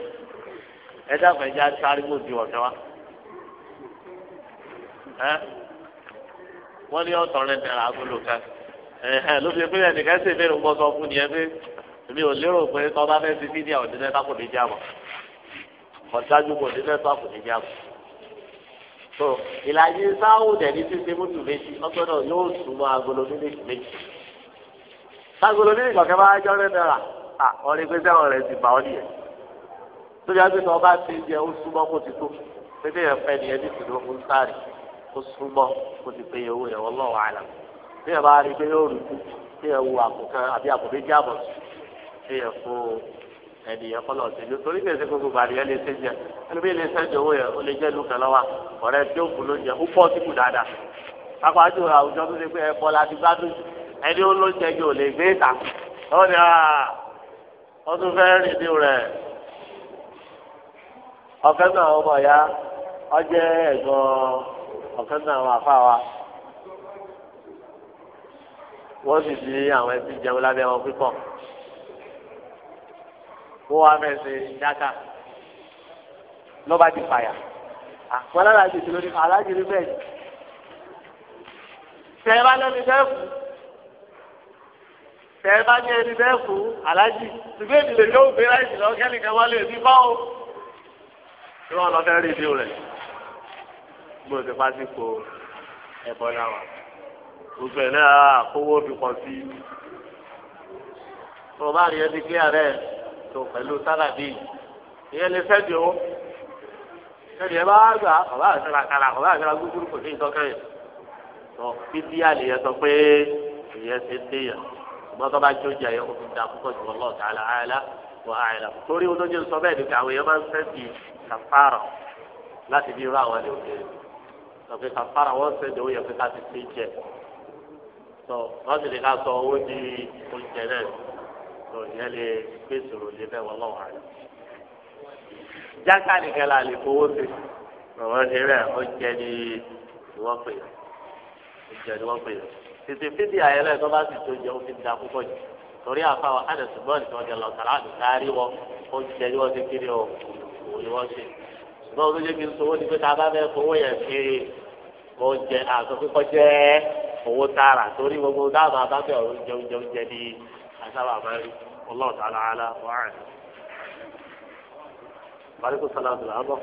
ẹ dáfẹ́ ẹja sáré kó di ọ̀sẹ̀ wa wọ́n ní ọ̀tọ̀ rẹ̀ tẹ̀lé agolo kan ló fi pé ẹnìkan ṣèbéèrè ń bọ́ sọ fún nìyẹn pé èmi ò lérò pé tọ́ bá fẹ́ fi fídíà òdìdẹ́ sákò ní jábọ̀ ọ̀dájú kò òdìdẹ́ sákò ní jábọ̀ tó ìlàjì sáwù dẹ̀ni títí mútu méjì ọgbọ́dọ̀ yóò súnmọ́ agolo mílíkì méjì agolo mílíkì kọ̀kẹ́ bá jọ́ lẹ́dọ̀rà ọ̀rẹ́ pé sẹ́wọ̀n rẹ̀ ti bà ọ́ nìyẹn tó yà pé tọ́ bá ti jẹ ó súnmọ́ kó ti tó pété yẹn fẹ́ nìyẹn ní ìdúró ń sáré ó súnmọ́ kó ti pé owó yẹn wọ́n lọ́wọ́ àlà tí yẹn bá rí pé yóò rí kú tí yẹn wu àpò kan àbí àpò méjì àbọ̀ sùn kéèyàn fún ẹnìyàn kọ́ lọ́ọ̀sì ìlú torí kèsì gbogbo bàbá yẹn lè ṣe jẹ ẹlòmíì lè ṣe jẹ owó yẹn ó lè jẹ ìlú kan lọ́wọ́ ọ̀rẹ́ tí ó kù ló jẹ ó pọ̀ sí kù dáadáa tó ọ ya ọjẹ́ ẹ̀gbọ́n ọ̀kẹ́ náà kó wá mẹ́sẹ̀ dáká lọ́ba ti fàyà àwọn aláàjì ti lórí aláàjì rí bẹ́ẹ̀ tẹ ẹ bá lẹ́ni bẹ́ẹ̀ fún tẹ ẹ bá ní ẹni bẹ́ẹ̀ fún aláàjì ṣùgbọ́n èmi lè yóò gbé láì sílọ kẹ́lí kan wálé èmi bá o tí wọ́n lọ fẹ́ rí ibi rẹ̀ gbọ́dọ̀ ti pásíkò ẹ̀bọ náà wà gbogbo ẹ̀ náà kówó fi pọ̀ sí i. Mo bá rí ẹ ti kí àárẹ̀ tó pẹ̀lú sálábì ìyẹn lè fẹ́ di o ẹni ẹ bá gbà ọba àṣẹra kala ọba àṣẹra gbúgbúrú kò sí ìtọ́kẹ́ yẹn tó títí àlè yẹn sọ pé ìyẹn ṣe ń dé yẹn ṣùgbọ́n tó bá jó jẹ yẹn kò fi da púpọ̀ jù Allah ta'ala àyàlá wọ àyàlá torí o tó jẹ́ sọ bẹ́ẹ̀ ni àwọn èèyàn máa ń fẹ́ di kàfàrà láti bí irú àwọn àlè òkèèrè sọ pé kàfàrà wọ́n ṣe tó yẹn lè pèsè òròlé bẹ́ẹ̀ wọ́n nìkan la lè fowó sí ọ̀rọ̀ ṣe ó jẹ́ ní ìwọ́n pè é ó jẹ́ ní wọ́n pè é. tètè fídíà yẹn lẹ́yìn tó bá sì tó jẹ́ ó fi da púpọ̀ jù torí àfàwọn adẹ̀sùgbọ́n nìkan jẹ́ lọ́sàrà àdùkárí wọn ó jẹ́ ní wọ́n ti kiri ọ̀ òun ni wọ́n ṣe ṣùgbọ́n o tó kí n sọ̀wọ́ ni pé tá bá fẹ́ fowó yẹn ṣe kó jẹ àtọ́ pípọ́ jẹ́ owó tààrà torí gbogbo dáàbà bá fẹ́ ọ̀rọ̀ jẹun jẹun jẹ ní àṣàbà àbáyé ọlọ́ọ̀ tà láàlá wàhálà. Bàálù kò sọ̀rọ̀ àbúrò àbọ̀.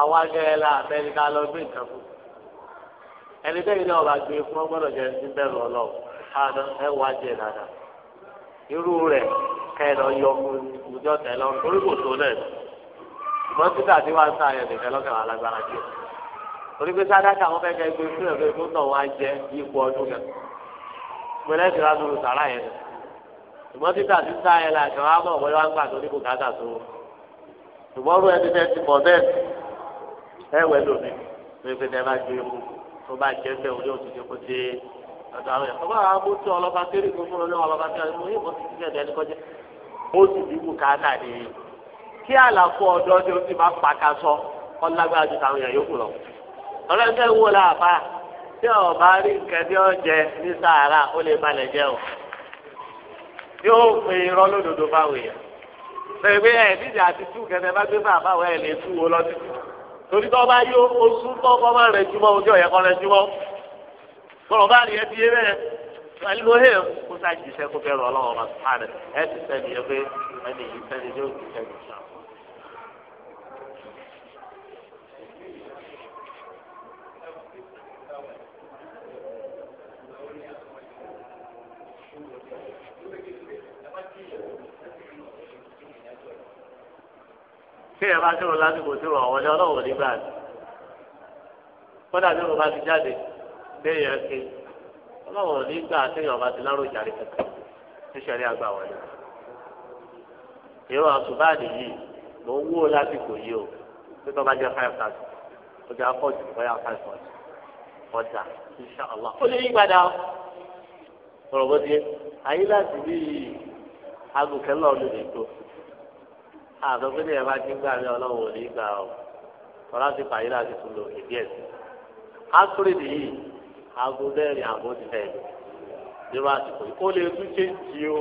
àwa gẹ́gẹ́ lọ gbé nǹkan ẹni tẹ́yìn náà bá gbé fún ọgbọ́dọ̀ jẹ́ ní bẹ́ẹ̀rù ọlọ́wọ́ àná ẹ wá jẹ dáadáa irú rẹ̀ kẹ́ẹ̀ yọ fún ìjọ tẹ̀lọ́ orí kò tó náà ṣùgbọ́n títà tí wàá sá yẹn nìkan lọ́kàn alágbára jẹ torí pé sádàkà wọn fẹ́ kẹ́ gbé fún ẹ̀fẹ́ tó tàn wá jẹ ipò ọdún kẹ gbẹlẹ́ ti ránú sàrà yẹn ṣùgbọ́n títà tí sá yẹn làkàn wá mọ̀ wọ́n wá gbà tó ní kò káàkà tó ṣùgbọ́n rú ẹni tẹ́ ti mọ̀ bẹ́ẹ̀ ẹ wẹ́ lómi pé pé tẹ́ bá gbé fún tó bá jẹ́ bẹ́ẹ̀ òun yóò ti jẹ́ kó dé ọ̀dọ̀ àwọn yẹn. ọba àwọn tó ọlọ́ba kéré kó fún ọlọ́wọ́ ọlọ́ba kéré mo yẹ kó ti ti kẹ́kẹ́ ẹnikọ́jẹ́ ó sì bí bùkátà ni kí àlàfo ọ̀dọ́ tí ó ti máa pàkà sọ ọlágbára ju táwọn èèyàn yòókù lọ. ọlọ́dẹ wo la bá tí ọba rí nǹkan tí ó jẹ ní sàárà ó lè balẹ̀ jẹ́ o yóò pe irọ́ lódodo báwo yẹn. pẹ̀lú ẹ̀ nídìí àti tú bá gbé bàbá wẹ̀ lè tú wo torí tó bá yó oṣù tó kọ́ máa rẹ̀ jùmọ̀ ojú ọ̀yẹ́ kọ́ rẹ̀ jùmọ̀ kọ́rọ̀ bá rí ẹbí yé bẹ́ẹ̀ pẹ̀lú he kó sá jìṣẹ́ kó fẹ́ rọ ọlọ́wọ́ bá sáré ẹ ti sẹ́ni ẹ ẹni yìí sẹ́ni yóò jìṣẹ́ jù sá ṣé ẹ bá ṣòro lásìkò ṣòro àwọn ọjọ́ ọlọ́wọ́ nígbà tí kódà bí wọn bá ti jáde béèyàn ké ọlọ́wọ́ nígbà téèyàn bá ti lárò ìjàre kankan ní sẹ́rí àgbà wọn ni. ìrọ̀ àtúbáàdì yìí mò ń wó lásìkò yìí o pé tó bá jẹ́ five thousand ó afọ́jú bóyá five thousand ọjà insha allah. ó lè yí padà o ayé láti bí agùnkẹ́ lọ́ọ̀lù lè tó àtọ́gbé ni ẹ bá ti gbà mí ọlọ́run ò ní gbà ọ tọ́lá ti pàyé láti tún lò èdè ẹ̀ sí. ákúrè nìyí aago mẹ́rin àbọ̀ ti fẹ́ nínú àsìkò yìí ó lè tún ṣe ń jí o.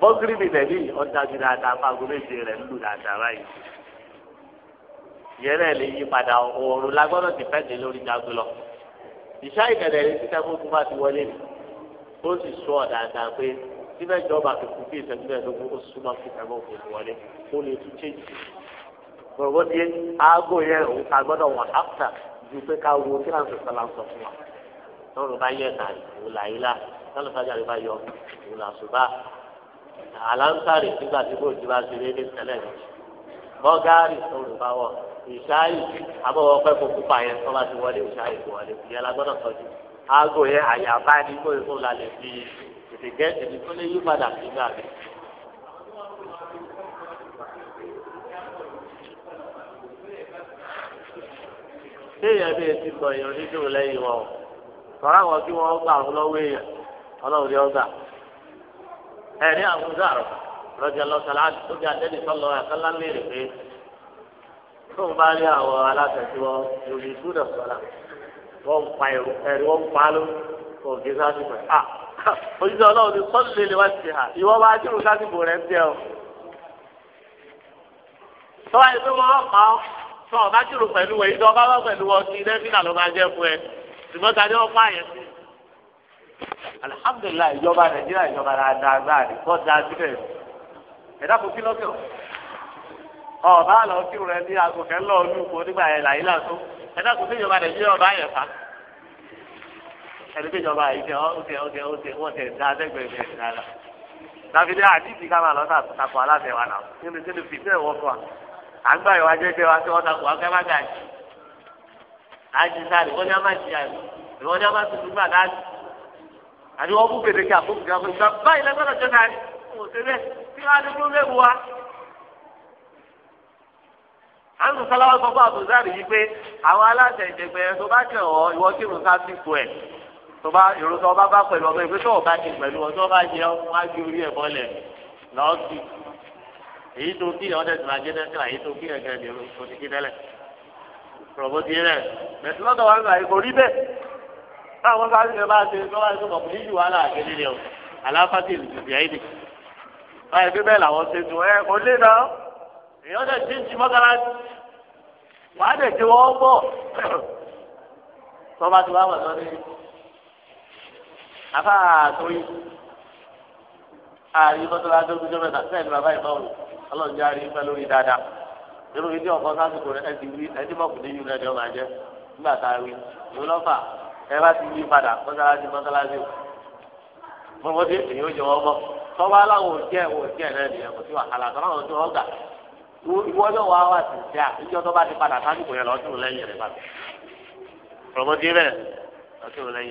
bọ́gírì mi lẹ̀ ní ọ̀dájú dáadáa fún aago méje rẹ̀ ń lù dáadáa báyìí. ìyẹn náà lè yí padà oòrùn lágbọ́dọ̀ ti fẹ́ lórí jágbe lọ. ìṣá ìkẹ̀dẹ̀ rẹ̀ ti tẹ́ fún tó bá ti wọlé mi ó sì sọ dáadáa pé bí bẹ́ẹ̀ jọba àkẹ́kọ̀ọ́ bí ìṣẹ́jú mẹ́ẹ̀ẹ́dógún ó súnmọ́ kí ẹ̀rọ òfin wọlé ó lè tún chéjì. gbọ̀ngàn ti aago yẹn òun ká gbọ́dọ̀ wọ̀n áfà ju pé ká wo kí láǹfẹ̀ sọ́lá ń sọ fún wa. lọ́rùn bá yẹ ká òun là yí la lọ́rùn sájà rẹ̀ bá yọ òun là ṣùgbà. àlàǹtàrì nígbà tí kò jí bá ti rí ní tẹ́lẹ̀ mi. bọ́gárì lọ́rùn bá wọ̀ ìṣáì àbọ̀wọ̀ pẹ́ kó kópa yẹn tètè jẹ́ ẹni tó lè yí padà nígbà rẹ̀. téèyàn bí etí sọ èèyàn nínú lẹ́yìn wọn o sọ̀rọ̀ àwọn kí wọ́n gbà wọn lọ́wọ́ èèyàn ọlọ́run ni wọ́n gbà. ẹ̀rí àbúzà rọ̀ lọ́jà lọ́sàlá tó bí adẹ́ni sọ́lọ́ àkàlà léèrè pé tó ń bá rí àwọn alátẹ̀síwọ́ lórí ìdúdà sọ́la wọ́n ń pa ẹ̀rù wọ́n ń pa ló kò gé sáà òjijì ọlọ́run ní sọ́ọ̀lì lè wá sí ha ìwọ bá dúró sásìkò rẹ̀ ń tẹ́ ọ. tọ́wá yìí pé wọ́n pa ọ́ tọ́ ọ bá dúró pẹ̀lú wẹ̀ ìdọ́ bá wà pẹ̀lú wọn kí lẹ́fínà ló máa jẹ́ fún ẹ ṣùgbọ́n ta ni wọ́n pa àyẹ̀ sí. alihamudulilayi ìjọba nàìjíríà ìjọba dáadáa gbáà ní kọ́ da sílẹ̀ ẹ̀dá kò sí lọ́kẹ́ o ọba àlọ́ kírun rẹ ní agùnkẹ́ lọ́ọ́ lù kó nígbà yẹn làyílà tó ẹ̀dá kò sí ìjọba nàìjíríà ọba ẹni pé ìjọba yìí tẹ ọ tẹ ọ tẹ ọ tẹ wọn tẹ da dẹgbẹgbẹ dára tàbílẹ àdìsí ká máa lọ sàkó aláṣẹ wa náà nínú sínú fìdí ẹ fún wa àgbà ìwà jẹjẹ wa tí wọ́n sàkó wa kẹ́má gà jì àjìsá ìwọ́n ní a máa jìyà ìwọ́n ní a máa tuntun gbà dáàbì àti wọ́n bú gbèdéke kí wọ́n kí wọ́n á dúró léwu wa. àwọn sọlá wa gbọ́ fún àbùzá rè yí pé àwọn aláṣẹ ìjẹgbẹ́ tó bá kẹ̀ ọ́ ìwọ́n kírun tó bá èrò tó bá bá pẹ̀lú ọgbẹ́ ìgbésẹ̀ ọba ti pẹ̀lú ọjọ́ bá jẹ wọn á gbé orí ẹ̀ bọ́lẹ̀ lọ́ọ̀kì èyí tó kí ọ̀dẹ̀ tó máa jẹ́ dẹ́kẹ́lá èyí tó kí ẹ̀gẹ́ ni o ti kí tẹ́lẹ̀ rọ̀bọ̀tì rẹ̀ bẹ̀tẹ̀ lọ́dọ̀ wa nígbà ìkórí bẹ́ẹ̀ báwọn bá ti bá ṣe lọ́wọ́ ẹ̀sùn kọ̀ọ̀kù níjù wàhálà àgbélé ni o àlàáfàtì ìlùsùn yẹn ni báyìí pé bẹ́ẹ̀ làwọn ṣe tún ẹ kò lé náà èyí ọ̀dẹ̀ tí ń ti mọ́kànlá wàá dẹ̀ tí wọ́n bọ̀ tọ́ afa àtòyí àrí bọ́tọ́lá dókítà mẹ́ta sẹ́yìn bàbá ìbáwò ọlọ́run jẹ́ àrí pẹ́ lórí dáadáa irú ibi ọ̀kan sásìkò rẹ̀ ẹ̀dì wí ẹ̀dì nígbà tá a wí ẹ bá ti yí padà o èyí ó jẹ wọ́n mọ́ tọ́wọ́ aláwọ̀ òjẹ́ òjẹ́ rẹ̀ nìyẹn kò sí wàhálà àwọn tó ìwọ náà wà sí ìjà ìjọ tó bá ti padà sásìkò yẹn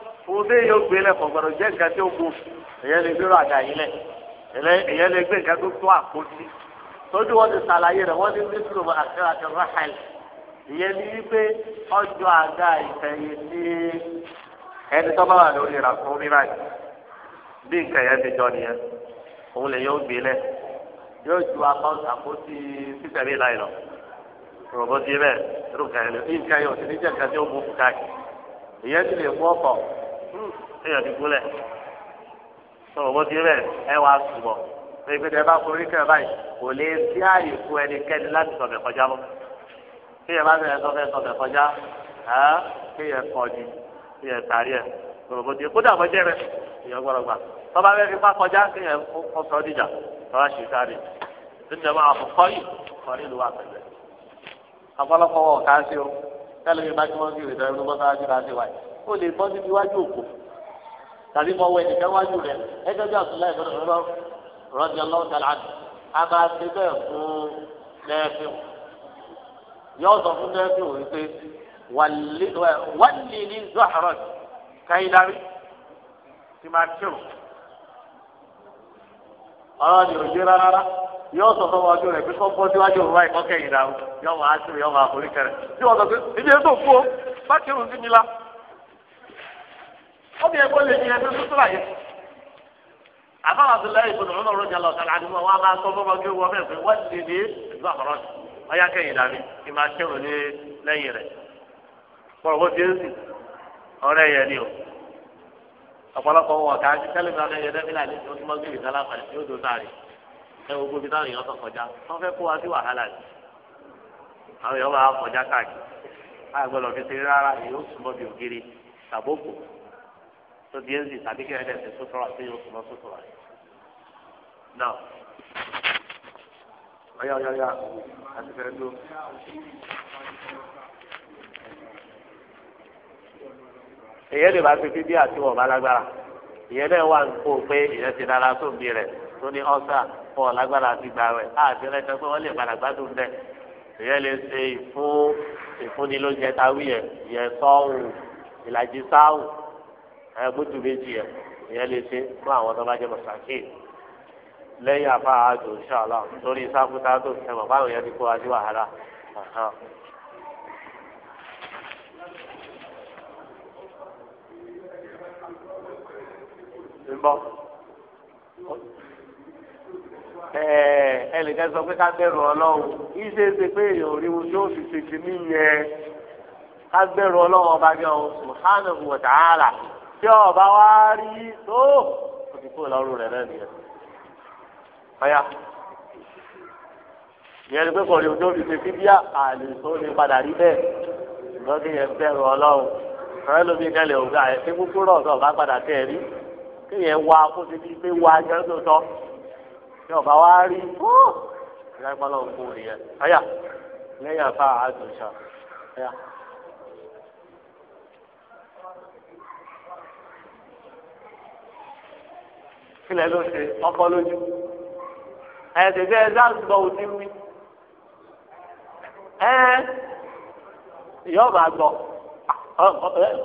òun dé yóò gbé lẹ̀ kọ̀gbọ̀dọ̀ jẹ́ nǹkan tí ó bu èyẹ lè gbérò àga yìí lẹ̀ èyẹ lè gbé nǹkan tó tó àpótí tójú wọn ti sàlàyé rẹ̀ wọ́n ní nítorí wọn àti àti rahel ìyẹn ní wípé ọjọ́ àga ìfẹ̀yìn ní ẹni tó bá wà lórí rà fún mi báyìí bí nǹkan yẹn ti jọ nìyẹn òun lè yóò gbé lẹ̀ yóò ju apáwọ̀sì àpótí sísẹ̀mí láì lọ rògbòdì bẹ́ẹ̀ rògbòdì bẹ́ẹ̀ nǹkan yóò ti ní jẹ́ nǹkan tí bu fún ìyẹn ti lè fún ọkọ̀ èèyàn ti gúnlẹ̀ sọ̀rọ̀ bó ti rẹ̀ ẹ wá sùbọ̀ pépé tẹ bá forí kẹ báyìí kò lè sí ààyè fún ẹnikẹ́ni láti sọ̀bẹ̀ kọjá mọ́ kéèyàn bá bẹ̀rẹ̀ sọ́fẹ́ sọ̀bẹ̀ kọjá kéèyàn kọjú kéèyàn tàrí ẹ̀ sọ̀rọ̀ bó ti rẹ̀ kódà bọ́jẹ́ rẹ̀ èèyàn gbọ́dọ̀ gbà tọ́ba bẹ́ẹ̀ fipá kọjá kéèyàn kọ́ sọ́ dìjà tọ́ba ṣe sáré nítorí àwọn àkọ́kọ́ yìí kọ́ nílùú àpẹẹrẹ ọ̀pọ̀lọpọ̀ wọ̀ ká sí o bá kí wọ́n fi ìrìnà ẹnu mọ́sáájú láti wáyé kó lè bọ́ síbi iwájú òkú tàbí mọ wẹ nìkan wájú rẹ ẹgbẹ́ bí àtúntò láì fọdọ lọ rọdí Ọlọ́run tàlà àdì a máa ṣe bẹ́ẹ̀ fún lẹẹfì yóò sọ fún lẹẹfì wò wípé wàlí ní zọhárọ káyídárí tí máa kírun ọ̀rọ̀ ni ò yé rárá yóò sọ fún ọjọ́ rẹ̀ pé kó bọ́ síwájú òun wáyé kọ́kẹ́ yìí dáhùn yóò máa sùn yóò máa forí kẹrẹ tí wọ́n sọ pé ìdí ètò fún ọ bá kírun sí mi la. ó ní ẹgbẹ́ lè fi ẹgbẹ́ sútúrà yẹn. i abdullahi ibùdó ọ̀nà òrùn jàlọ̀ ọ̀sán àdúgbò wọn máa sọ fún ọmọge wọn bẹ́ẹ̀ pé wọ́n ti ní ìlú àkọ́rọ́ ọyá kẹ́yìn dàbí kí máa ṣẹ́wọ̀n ní lẹ́yìn rẹ̀. bọ́ọ̀ bó ti ń sìn yẹn ni o ọ̀pọ̀lọpọ̀ wọ̀ ká yẹn ẹ wo táwọn èèyàn tó kọjá kó wa sí wàhálà ni àwọn èèyàn kọjá káàkiri fi rárá èèyàn tó di ẹ́nzì tàbí kí ẹ̀rẹ́ ẹ̀sìn sótọ́rọ̀ àti oṣù lọ sótọ́rọ̀ rẹ̀. náà ọ̀yá ọ̀yá ọ̀yá àti fẹ́rẹ́ tó. èyẹ́ lè máa fi fi bí àti wọ̀ bá lágbára ìyẹn náà wà kó pé ìyẹn ti dára tó ń bí rẹ̀ tó ní ọ́sà fọ́ lágbára àti gbà rẹ̀ àti rẹ̀ sọ pé wọ́n lè padà gbádùn dẹ̀ ìyẹn lè ṣe ìfún ìfúnni lóúnjẹ táwí yẹn sọ́ọ̀hún ìlàjì sáwùn agbójú méjì ẹ ìyẹn lè ṣe fún àwọn tó bá jẹ mọ̀sáké lẹ́yìn afa àjò ṣàlá lórí sáfúta tó ẹ mọ̀ báwọn yẹn ti kó wa sí wàhálà. Mbọ ẹ ẹ lè kẹ́ sọ pé ká bẹ̀rù ọlọ́run kí ṣe é ṣe pé èèyàn ò rí wọn yóò fi ṣèṣì níyẹn ká bẹ̀rù ọlọ́run ọba jẹun subhanahu wa tí ọba wa rí tó òbí kúrò lọ́rùn rẹ̀ náà nìyẹn. ọ̀yà ìyẹn ni pé kò rí ojú òbí ṣe fi bí àlè tó lè padà rí bẹ́ẹ̀ lọ́dí yẹn bẹ̀rù ọlọ́run ọ̀rẹ́ lómi kẹlẹ̀ ògbà ẹ̀ ṣé kúkú rọ̀ ọba padà tẹ̀ rí kí yẹn wá kó ti di pé wá jẹ́ tó tọ́ tí ọba wa rí tó ìyá ìpọ́nlọ́run kúrò nìyẹn. ọ̀yà lẹ́yìn àfa àdùnṣà ọ̀yà. kílẹ̀ ló ṣe ọkọ lójú ẹ tètè ẹ dá gbọ́ òdì mi ẹ yọ bá gbọ́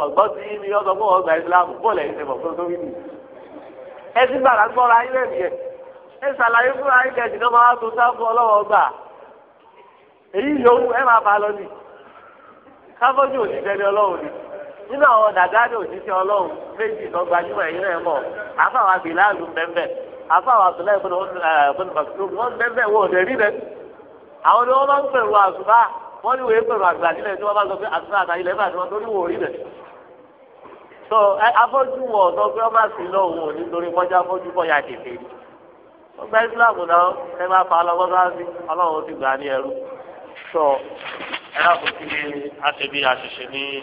ọgbọ́n tí mi yọ sọ fún ọgbà ìsìlámù bó lẹ́yìn ṣe bọ̀ fún sórí mi ẹ ti gbàgbà gbọ́ra ayé rẹ̀ nìyẹn ẹ ṣàlàyé fún ayé kẹ̀sì náà máa tó sáfù ọlọ́wọ́ gbà èyí yòówù ẹ máa bá lọ nì káfọ́jú òṣìṣẹ́ ni ọlọ́run nìyí nínú àwọn dàgádé òṣìṣẹ́ ọlọ́run méjì lọ gbajúmọ̀ ẹ̀yìn rẹ̀ mọ̀ àfàwà bìláàlù bẹ́ẹ̀ àfàwà abdullahi bọ́n eh, bọ́n maktub wọ́n bẹ́ẹ̀ wọ́n ọ̀dẹ̀ rí rẹ̀ àwọn ni wọ́n máa ń pèrò àṣùbà wọ́n ní wòye pèrò àgbà nílẹ̀ tí wọ́n bá sọ pé àṣùbà àtàyè lẹ́fà tí wọ́n torí wò rí rẹ̀ so afọ́jú wọ̀ ọ̀dọ́ pé ọba sì lọ òun ò ní torí kọjá afọ́jú bọ̀ ya kèké wọ́n gba islam náà ẹ máa so ẹ náà kò sí ní aṣebi àṣìṣe